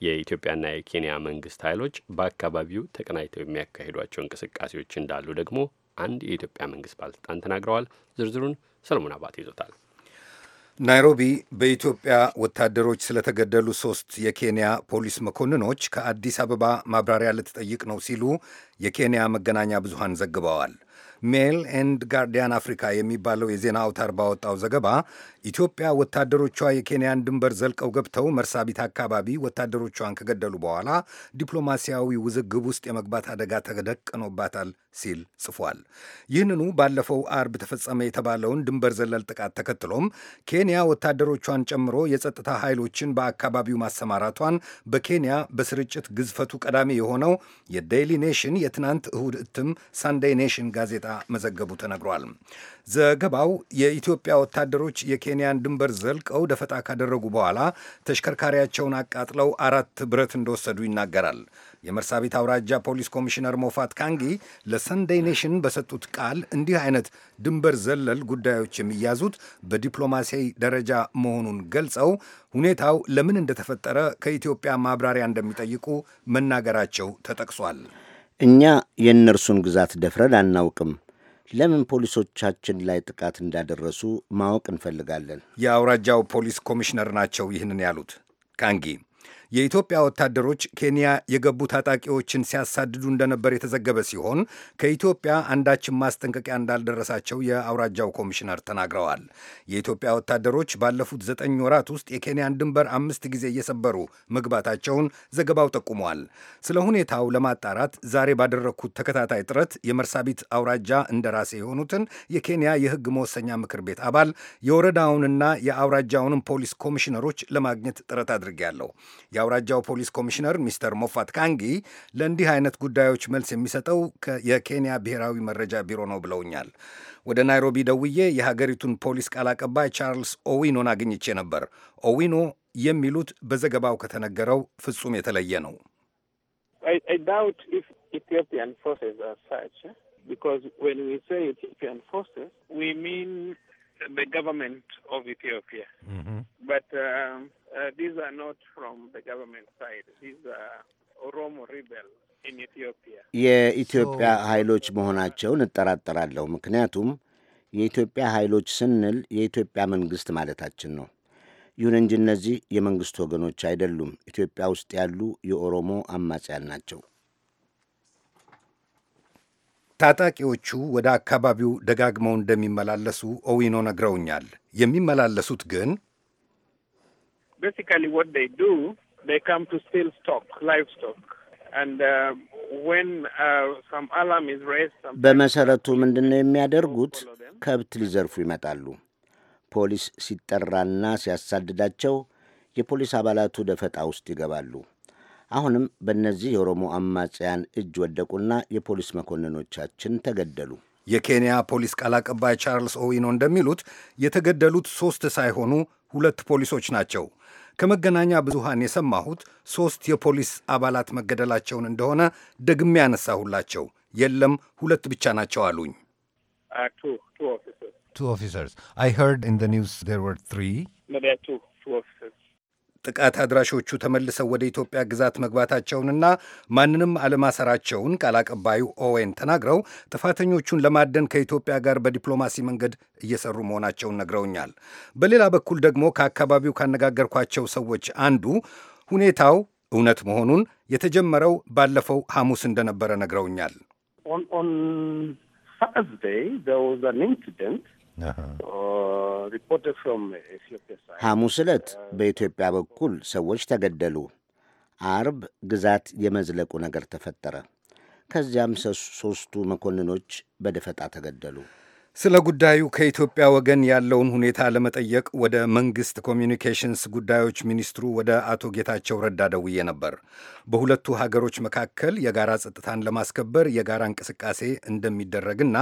የኢትዮጵያና የኬንያ መንግስት ኃይሎች በአካባቢው ተቀናይተው የሚያካሂዷቸው እንቅስቃሴዎች እንዳሉ ደግሞ አንድ የኢትዮጵያ መንግስት ባለስልጣን ተናግረዋል። ዝርዝሩን ሰለሞን አባት ይዞታል። ናይሮቢ በኢትዮጵያ ወታደሮች ስለተገደሉ ሶስት የኬንያ ፖሊስ መኮንኖች ከአዲስ አበባ ማብራሪያ ልትጠይቅ ነው ሲሉ የኬንያ መገናኛ ብዙሃን ዘግበዋል። ሜል ኤንድ ጋርዲያን አፍሪካ የሚባለው የዜና አውታር ባወጣው ዘገባ ኢትዮጵያ ወታደሮቿ የኬንያን ድንበር ዘልቀው ገብተው መርሳቢት አካባቢ ወታደሮቿን ከገደሉ በኋላ ዲፕሎማሲያዊ ውዝግብ ውስጥ የመግባት አደጋ ተደቅኖባታል ሲል ጽፏል። ይህንኑ ባለፈው አርብ ተፈጸመ የተባለውን ድንበር ዘለል ጥቃት ተከትሎም ኬንያ ወታደሮቿን ጨምሮ የጸጥታ ኃይሎችን በአካባቢው ማሰማራቷን በኬንያ በስርጭት ግዝፈቱ ቀዳሚ የሆነው የዴይሊ ኔሽን የትናንት እሁድ እትም ሳንዴይ ኔሽን ጋዜጣ መዘገቡ ተነግሯል። ዘገባው የኢትዮጵያ ወታደሮች የኬንያን ድንበር ዘልቀው ደፈጣ ካደረጉ በኋላ ተሽከርካሪያቸውን አቃጥለው አራት ብረት እንደወሰዱ ይናገራል። የመርሳቤት አውራጃ ፖሊስ ኮሚሽነር ሞፋት ካንጊ ለሰንዴይ ኔሽን በሰጡት ቃል እንዲህ አይነት ድንበር ዘለል ጉዳዮች የሚያዙት በዲፕሎማሲያዊ ደረጃ መሆኑን ገልጸው ሁኔታው ለምን እንደተፈጠረ ከኢትዮጵያ ማብራሪያ እንደሚጠይቁ መናገራቸው ተጠቅሷል። እኛ የእነርሱን ግዛት ደፍረን አናውቅም። ለምን ፖሊሶቻችን ላይ ጥቃት እንዳደረሱ ማወቅ እንፈልጋለን። የአውራጃው ፖሊስ ኮሚሽነር ናቸው ይህንን ያሉት ካንጊ የኢትዮጵያ ወታደሮች ኬንያ የገቡ ታጣቂዎችን ሲያሳድዱ እንደነበር የተዘገበ ሲሆን ከኢትዮጵያ አንዳችን ማስጠንቀቂያ እንዳልደረሳቸው የአውራጃው ኮሚሽነር ተናግረዋል። የኢትዮጵያ ወታደሮች ባለፉት ዘጠኝ ወራት ውስጥ የኬንያን ድንበር አምስት ጊዜ እየሰበሩ መግባታቸውን ዘገባው ጠቁመዋል። ስለ ሁኔታው ለማጣራት ዛሬ ባደረግኩት ተከታታይ ጥረት የመርሳቢት አውራጃ እንደራሴ የሆኑትን የኬንያ የሕግ መወሰኛ ምክር ቤት አባል የወረዳውንና የአውራጃውንም ፖሊስ ኮሚሽነሮች ለማግኘት ጥረት አድርጌያለሁ። የአውራጃው ፖሊስ ኮሚሽነር ሚስተር ሞፋት ካንጊ ለእንዲህ አይነት ጉዳዮች መልስ የሚሰጠው የኬንያ ብሔራዊ መረጃ ቢሮ ነው ብለውኛል። ወደ ናይሮቢ ደውዬ የሀገሪቱን ፖሊስ ቃል አቀባይ ቻርልስ ኦዊኖን አግኝቼ ነበር። ኦዊኖ የሚሉት በዘገባው ከተነገረው ፍጹም የተለየ ነው። Uh, these are not from the government side. These are Oromo rebels የኢትዮጵያ ኃይሎች መሆናቸውን እጠራጠራለሁ። ምክንያቱም የኢትዮጵያ ኃይሎች ስንል የኢትዮጵያ መንግስት ማለታችን ነው። ይሁን እንጂ እነዚህ የመንግስት ወገኖች አይደሉም። ኢትዮጵያ ውስጥ ያሉ የኦሮሞ አማጽያን ናቸው። ታጣቂዎቹ ወደ አካባቢው ደጋግመው እንደሚመላለሱ ኦዊኖ ነግረውኛል። የሚመላለሱት ግን basically what they do, they come to steal stock, livestock. በመሰረቱ ምንድን ነው የሚያደርጉት? ከብት ሊዘርፉ ይመጣሉ። ፖሊስ ሲጠራና ሲያሳድዳቸው የፖሊስ አባላቱ ደፈጣ ውስጥ ይገባሉ። አሁንም በእነዚህ የኦሮሞ አማጽያን እጅ ወደቁና የፖሊስ መኮንኖቻችን ተገደሉ። የኬንያ ፖሊስ ቃል አቀባይ ቻርልስ ኦዊኖ እንደሚሉት የተገደሉት ሦስት ሳይሆኑ ሁለት ፖሊሶች ናቸው። ከመገናኛ ብዙሃን የሰማሁት ሦስት የፖሊስ አባላት መገደላቸውን እንደሆነ ደግሜ ያነሳሁላቸው፣ የለም ሁለት ብቻ ናቸው አሉኝ። ቱ ኦፊሰርስ አይ ሄርድ ኢን ዘ ኒውስ ዜር ወር ትሪ ጥቃት አድራሾቹ ተመልሰው ወደ ኢትዮጵያ ግዛት መግባታቸውንና ማንንም አለማሰራቸውን ቃል አቀባዩ ኦዌን ተናግረው ጥፋተኞቹን ለማደን ከኢትዮጵያ ጋር በዲፕሎማሲ መንገድ እየሰሩ መሆናቸውን ነግረውኛል። በሌላ በኩል ደግሞ ከአካባቢው ካነጋገርኳቸው ሰዎች አንዱ ሁኔታው እውነት መሆኑን የተጀመረው ባለፈው ሐሙስ እንደነበረ ነግረውኛል። Uh, ሐሙስ ዕለት በኢትዮጵያ በኩል ሰዎች ተገደሉ። አርብ ግዛት የመዝለቁ ነገር ተፈጠረ። ከዚያም ሦስቱ መኮንኖች በደፈጣ ተገደሉ። ስለ ጉዳዩ ከኢትዮጵያ ወገን ያለውን ሁኔታ ለመጠየቅ ወደ መንግሥት ኮሚኒኬሽንስ ጉዳዮች ሚኒስትሩ ወደ አቶ ጌታቸው ረዳ ደውዬ ነበር። በሁለቱ ሀገሮች መካከል የጋራ ጸጥታን ለማስከበር የጋራ እንቅስቃሴ እንደሚደረግና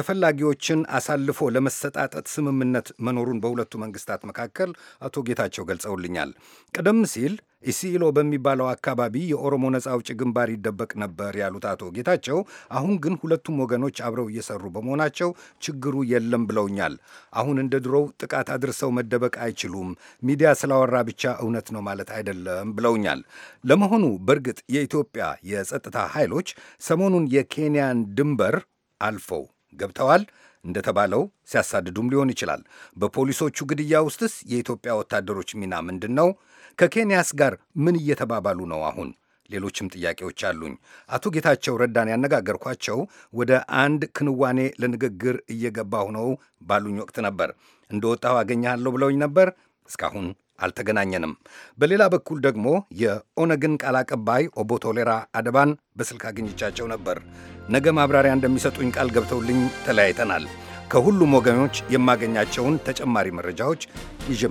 ተፈላጊዎችን አሳልፎ ለመሰጣጠት ስምምነት መኖሩን በሁለቱ መንግሥታት መካከል አቶ ጌታቸው ገልጸውልኛል። ቀደም ሲል ኢሲኢሎ በሚባለው አካባቢ የኦሮሞ ነጻ ውጭ ግንባር ይደበቅ ነበር ያሉት አቶ ጌታቸው አሁን ግን ሁለቱም ወገኖች አብረው እየሰሩ በመሆናቸው ችግሩ የለም ብለውኛል። አሁን እንደ ድሮው ጥቃት አድርሰው መደበቅ አይችሉም። ሚዲያ ስላወራ ብቻ እውነት ነው ማለት አይደለም ብለውኛል። ለመሆኑ በእርግጥ የኢትዮጵያ የጸጥታ ኃይሎች ሰሞኑን የኬንያን ድንበር አልፈው ገብተዋል እንደተባለው ሲያሳድዱም ሊሆን ይችላል። በፖሊሶቹ ግድያ ውስጥስ የኢትዮጵያ ወታደሮች ሚና ምንድን ነው? ከኬንያስ ጋር ምን እየተባባሉ ነው አሁን? ሌሎችም ጥያቄዎች አሉኝ። አቶ ጌታቸው ረዳን ያነጋገርኳቸው ወደ አንድ ክንዋኔ ለንግግር እየገባሁ ነው ባሉኝ ወቅት ነበር። ወጣሁ አገኘሃለሁ ብለውኝ ነበር። እስካሁን አልተገናኘንም። በሌላ በኩል ደግሞ የኦነግን ቃል አቀባይ ኦቦ ቶሌራ አደባን በስልክ አግኝቻቸው ነበር። ነገ ማብራሪያ እንደሚሰጡኝ ቃል ገብተውልኝ ተለያይተናል። ከሁሉም ወገኖች የማገኛቸውን ተጨማሪ መረጃዎች ይዤ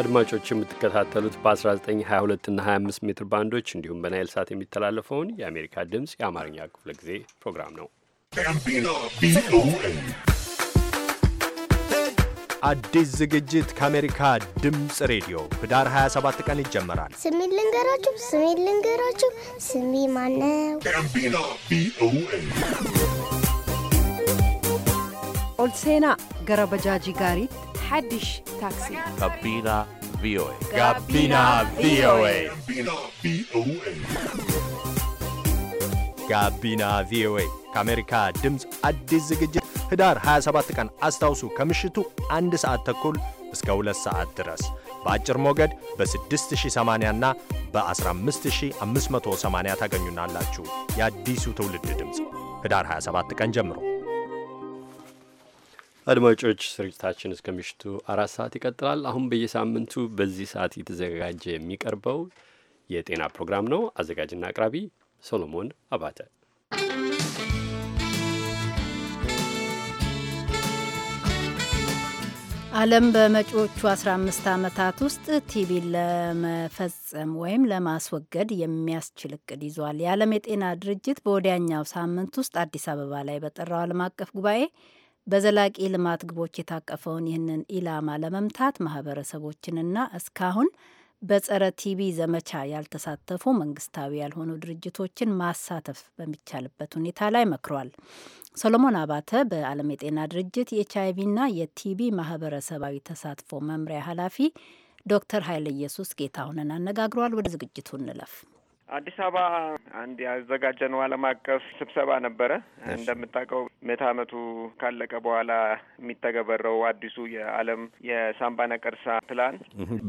አድማጮች የምትከታተሉት በ1922 እና 25 ሜትር ባንዶች እንዲሁም በናይል ሳት የሚተላለፈውን የአሜሪካ ድምፅ የአማርኛ ክፍለ ጊዜ ፕሮግራም ነው። አዲስ ዝግጅት ከአሜሪካ ድምፅ ሬዲዮ ህዳር 27 ቀን ይጀመራል። ስሜን ልንገራችሁ፣ ስሜን ልንገራችሁ፣ ስሜ ማነው? ኦልሴና ገረበጃጂ ጋሪት ሓድሽ ታክሲ ጋቢና ቪኦኤ ጋቢና ቪኦኤ ጋቢና ቪኦኤ ከአሜሪካ ድምፅ አዲስ ዝግጅት ህዳር 27 ቀን አስታውሱ፣ ከምሽቱ አንድ ሰዓት ተኩል እስከ 2 ሰዓት ድረስ በአጭር ሞገድ በ6080 እና በ15580 ታገኙናላችሁ። የአዲሱ ትውልድ ድምፅ ህዳር 27 ቀን ጀምሮ አድማጮች ስርጭታችን እስከ ምሽቱ አራት ሰዓት ይቀጥላል። አሁን በየሳምንቱ በዚህ ሰዓት እየተዘጋጀ የሚቀርበው የጤና ፕሮግራም ነው። አዘጋጅና አቅራቢ ሶሎሞን አባተ። ዓለም በመጪዎቹ 15 ዓመታት ውስጥ ቲቢን ለመፈጸም ወይም ለማስወገድ የሚያስችል እቅድ ይዟል። የዓለም የጤና ድርጅት በወዲያኛው ሳምንት ውስጥ አዲስ አበባ ላይ በጠራው ዓለም አቀፍ ጉባኤ በዘላቂ ልማት ግቦች የታቀፈውን ይህንን ኢላማ ለመምታት ማህበረሰቦችንና እስካሁን በጸረ ቲቢ ዘመቻ ያልተሳተፉ መንግስታዊ ያልሆኑ ድርጅቶችን ማሳተፍ በሚቻልበት ሁኔታ ላይ መክሯል። ሰሎሞን አባተ በዓለም የጤና ድርጅት የኤች አይቪና የቲቢ ማህበረሰባዊ ተሳትፎ መምሪያ ኃላፊ ዶክተር ኃይለ ኢየሱስ ጌታሁንን አነጋግሯል። ወደ ዝግጅቱ እንለፍ። አዲስ አበባ አንድ ያዘጋጀነው ዓለም አቀፍ ስብሰባ ነበረ። እንደምታውቀው ምዕተ ዓመቱ ካለቀ በኋላ የሚተገበረው አዲሱ የዓለም የሳምባ ነቀርሳ ፕላን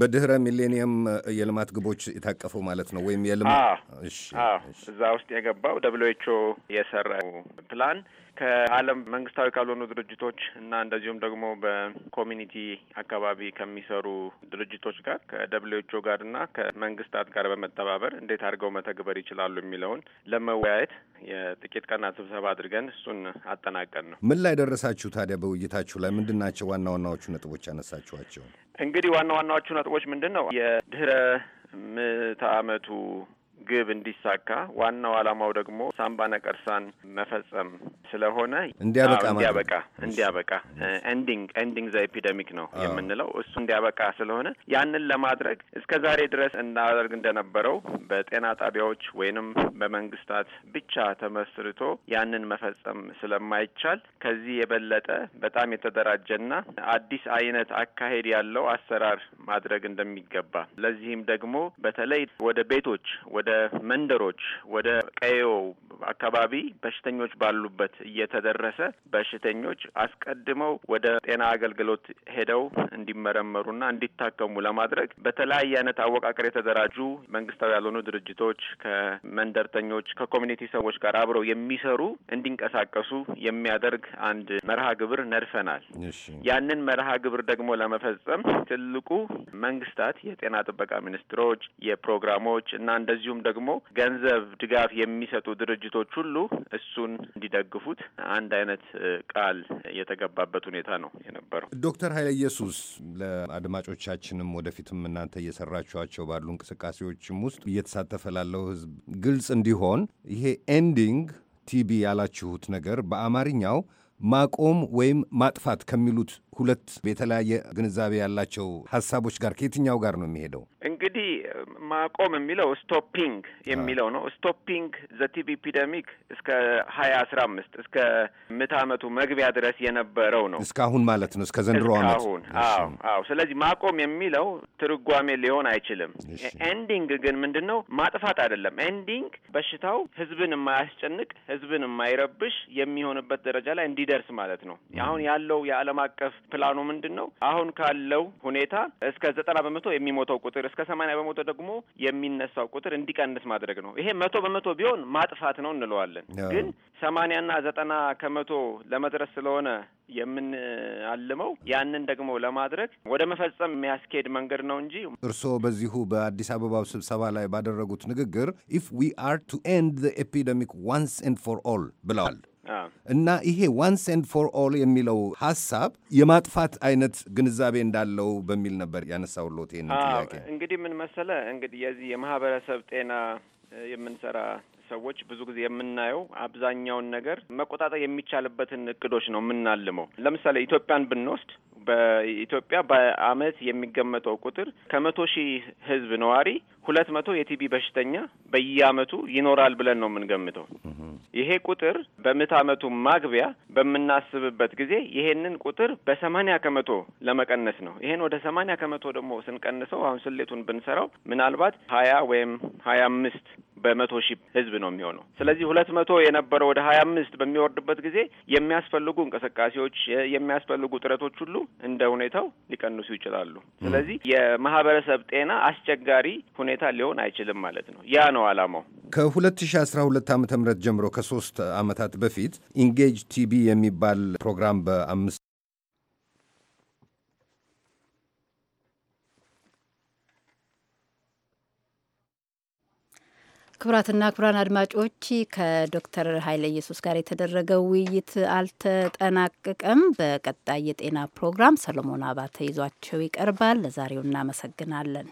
በድህረ ሚሌኒየም የልማት ግቦች የታቀፈው ማለት ነው። ወይም የልማ እዛ ውስጥ የገባው ደብሊው ኤች ኦ የሰራው ፕላን ከዓለም መንግስታዊ ካልሆኑ ድርጅቶች እና እንደዚሁም ደግሞ በኮሚኒቲ አካባቢ ከሚሰሩ ድርጅቶች ጋር ከደብሊዎቹ ጋር እና ከመንግስታት ጋር በመተባበር እንዴት አድርገው መተግበር ይችላሉ የሚለውን ለመወያየት የጥቂት ቀናት ስብሰባ አድርገን እሱን አጠናቀን ነው። ምን ላይ ደረሳችሁ ታዲያ? በውይይታችሁ ላይ ምንድን ናቸው ዋና ዋናዎቹ ነጥቦች ያነሳችኋቸው? እንግዲህ ዋና ዋናዎቹ ነጥቦች ምንድን ነው የድህረ ምዕተ ዓመቱ ግብ እንዲሳካ ዋናው ዓላማው ደግሞ ሳምባ ነቀርሳን መፈጸም ስለሆነ እንዲያበቃ እንዲያበቃ እንዲያበቃ ኤንዲንግ ኤንዲንግ ዘ ኤፒደሚክ ነው የምንለው እሱ እንዲያበቃ ስለሆነ ያንን ለማድረግ እስከ ዛሬ ድረስ እናደርግ እንደነበረው በጤና ጣቢያዎች ወይንም በመንግስታት ብቻ ተመስርቶ ያንን መፈጸም ስለማይቻል ከዚህ የበለጠ በጣም የተደራጀና አዲስ አይነት አካሄድ ያለው አሰራር ማድረግ እንደሚገባ ለዚህም ደግሞ በተለይ ወደ ቤቶች ወደ ወደ መንደሮች፣ ወደ ቀዮ አካባቢ በሽተኞች ባሉበት እየተደረሰ በሽተኞች አስቀድመው ወደ ጤና አገልግሎት ሄደው እንዲመረመሩና እንዲታከሙ ለማድረግ በተለያየ አይነት አወቃቀር የተደራጁ መንግስታዊ ያልሆኑ ድርጅቶች ከመንደርተኞች ከኮሚኒቲ ሰዎች ጋር አብረው የሚሰሩ እንዲንቀሳቀሱ የሚያደርግ አንድ መርሃ ግብር ነድፈናል። ያንን መርሃ ግብር ደግሞ ለመፈጸም ትልቁ መንግስታት የጤና ጥበቃ ሚኒስትሮች፣ የፕሮግራሞች እና እንደዚሁም እንዲሁም ደግሞ ገንዘብ ድጋፍ የሚሰጡ ድርጅቶች ሁሉ እሱን እንዲደግፉት አንድ አይነት ቃል የተገባበት ሁኔታ ነው የነበረው። ዶክተር ኃይለ ኢየሱስ ለአድማጮቻችንም ወደፊትም እናንተ እየሰራችኋቸው ባሉ እንቅስቃሴዎችም ውስጥ እየተሳተፈ ላለው ህዝብ ግልጽ እንዲሆን ይሄ ኤንዲንግ ቲቢ ያላችሁት ነገር በአማርኛው ማቆም ወይም ማጥፋት ከሚሉት ሁለት የተለያየ ግንዛቤ ያላቸው ሀሳቦች ጋር ከየትኛው ጋር ነው የሚሄደው? እንግዲህ ማቆም የሚለው ስቶፒንግ የሚለው ነው። ስቶፒንግ ዘ ኢፒደሚክ እስከ ሀያ አስራ አምስት እስከ ምት ዓመቱ መግቢያ ድረስ የነበረው ነው። እስካሁን ማለት ነው፣ እስከ ዘንድሮ አመት። እስካሁን አዎ፣ አዎ። ስለዚህ ማቆም የሚለው ትርጓሜ ሊሆን አይችልም። ኤንዲንግ ግን ምንድን ነው? ማጥፋት አይደለም። ኤንዲንግ በሽታው ህዝብን የማያስጨንቅ ህዝብን የማይረብሽ የሚሆንበት ደረጃ ላይ እንዲደርስ ማለት ነው። አሁን ያለው የዓለም አቀፍ ፕላኑ ምንድን ነው? አሁን ካለው ሁኔታ እስከ ዘጠና በመቶ የሚሞተው ቁጥር እስከ ሰማንያ በመቶ ደግሞ የሚነሳው ቁጥር እንዲቀንስ ማድረግ ነው። ይሄ መቶ በመቶ ቢሆን ማጥፋት ነው እንለዋለን። ግን ሰማንያና ዘጠና ከመቶ ለመድረስ ስለሆነ የምንአልመው ያንን ደግሞ ለማድረግ ወደ መፈጸም የሚያስኬድ መንገድ ነው እንጂ እርስዎ በዚሁ በአዲስ አበባው ስብሰባ ላይ ባደረጉት ንግግር ኢፍ ዊ አር ቱ ኤንድ ኤፒደሚክ ዋንስ ኤንድ ፎር ኦል ብለዋል። እና ይሄ ዋንስ ኤንድ ፎር ኦል የሚለው ሀሳብ የማጥፋት አይነት ግንዛቤ እንዳለው በሚል ነበር ያነሳሁልዎት ይሄንን ጥያቄ። እንግዲህ ምን መሰለ እንግዲህ የዚህ የማህበረሰብ ጤና የምንሰራ ሰዎች ብዙ ጊዜ የምናየው አብዛኛውን ነገር መቆጣጠር የሚቻልበትን እቅዶች ነው የምናልመው። ለምሳሌ ኢትዮጵያን ብንወስድ በኢትዮጵያ በአመት የሚገመጠው ቁጥር ከመቶ ሺህ ህዝብ ነዋሪ ሁለት መቶ የቲቢ በሽተኛ በየአመቱ ይኖራል ብለን ነው የምንገምተው። ይሄ ቁጥር በምዕተ ዓመቱ ማግቢያ በምናስብበት ጊዜ ይሄንን ቁጥር በሰማኒያ ከመቶ ለመቀነስ ነው። ይሄን ወደ ሰማኒያ ከመቶ ደግሞ ስንቀንሰው አሁን ስሌቱን ብንሰራው ምናልባት ሀያ ወይም ሀያ አምስት በመቶ ሺህ ህዝብ ነው የሚሆነው። ስለዚህ ሁለት መቶ የነበረው ወደ ሀያ አምስት በሚወርድበት ጊዜ የሚያስፈልጉ እንቅስቃሴዎች የሚያስፈልጉ ጥረቶች ሁሉ እንደ ሁኔታው ሊቀንሱ ይችላሉ። ስለዚህ የማህበረሰብ ጤና አስቸጋሪ ሁኔታ ሊሆን አይችልም ማለት ነው። ያ ነው አላማው። ከሁለት ሺህ አስራ ሁለት ዓመተ ምህረት ጀምሮ ከሶስት ዓመታት በፊት ኢንጌጅ ቲቪ የሚባል ፕሮግራም በአምስት ክቡራትና ክቡራን አድማጮች ከዶክተር ኃይለ ኢየሱስ ጋር የተደረገው ውይይት አልተጠናቀቀም። በቀጣይ የጤና ፕሮግራም ሰለሞን አባተ ይዟቸው ይቀርባል። ለዛሬው እናመሰግናለን።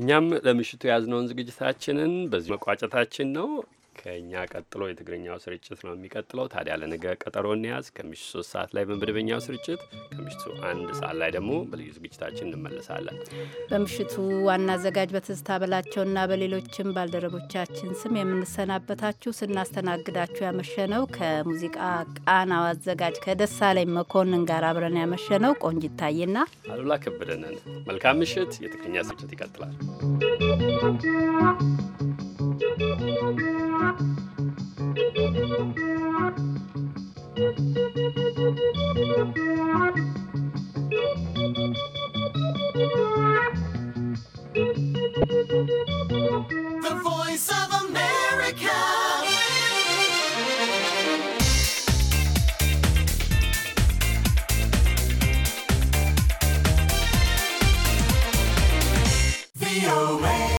እኛም ለምሽቱ የያዝነውን ዝግጅታችንን በዚህ መቋጨታችን ነው። ከእኛ ቀጥሎ የትግርኛው ስርጭት ነው የሚቀጥለው። ታዲያ ለነገ ቀጠሮ እንያዝ። ከምሽቱ ሶስት ሰዓት ላይ በመደበኛው ስርጭት፣ ከምሽቱ አንድ ሰዓት ላይ ደግሞ በልዩ ዝግጅታችን እንመለሳለን። በምሽቱ ዋና አዘጋጅ በትዝታ በላቸውና በሌሎችም ባልደረቦቻችን ስም የምንሰናበታችሁ ስናስተናግዳችሁ ያመሸነው ከሙዚቃ ቃናው አዘጋጅ ከደሳለኝ መኮንን ጋር አብረን ያመሸነው ቆንጅ ታዬና አሉላ ከበደ ነን። መልካም ምሽት። የትግርኛ ስርጭት ይቀጥላል። The Voice of a man.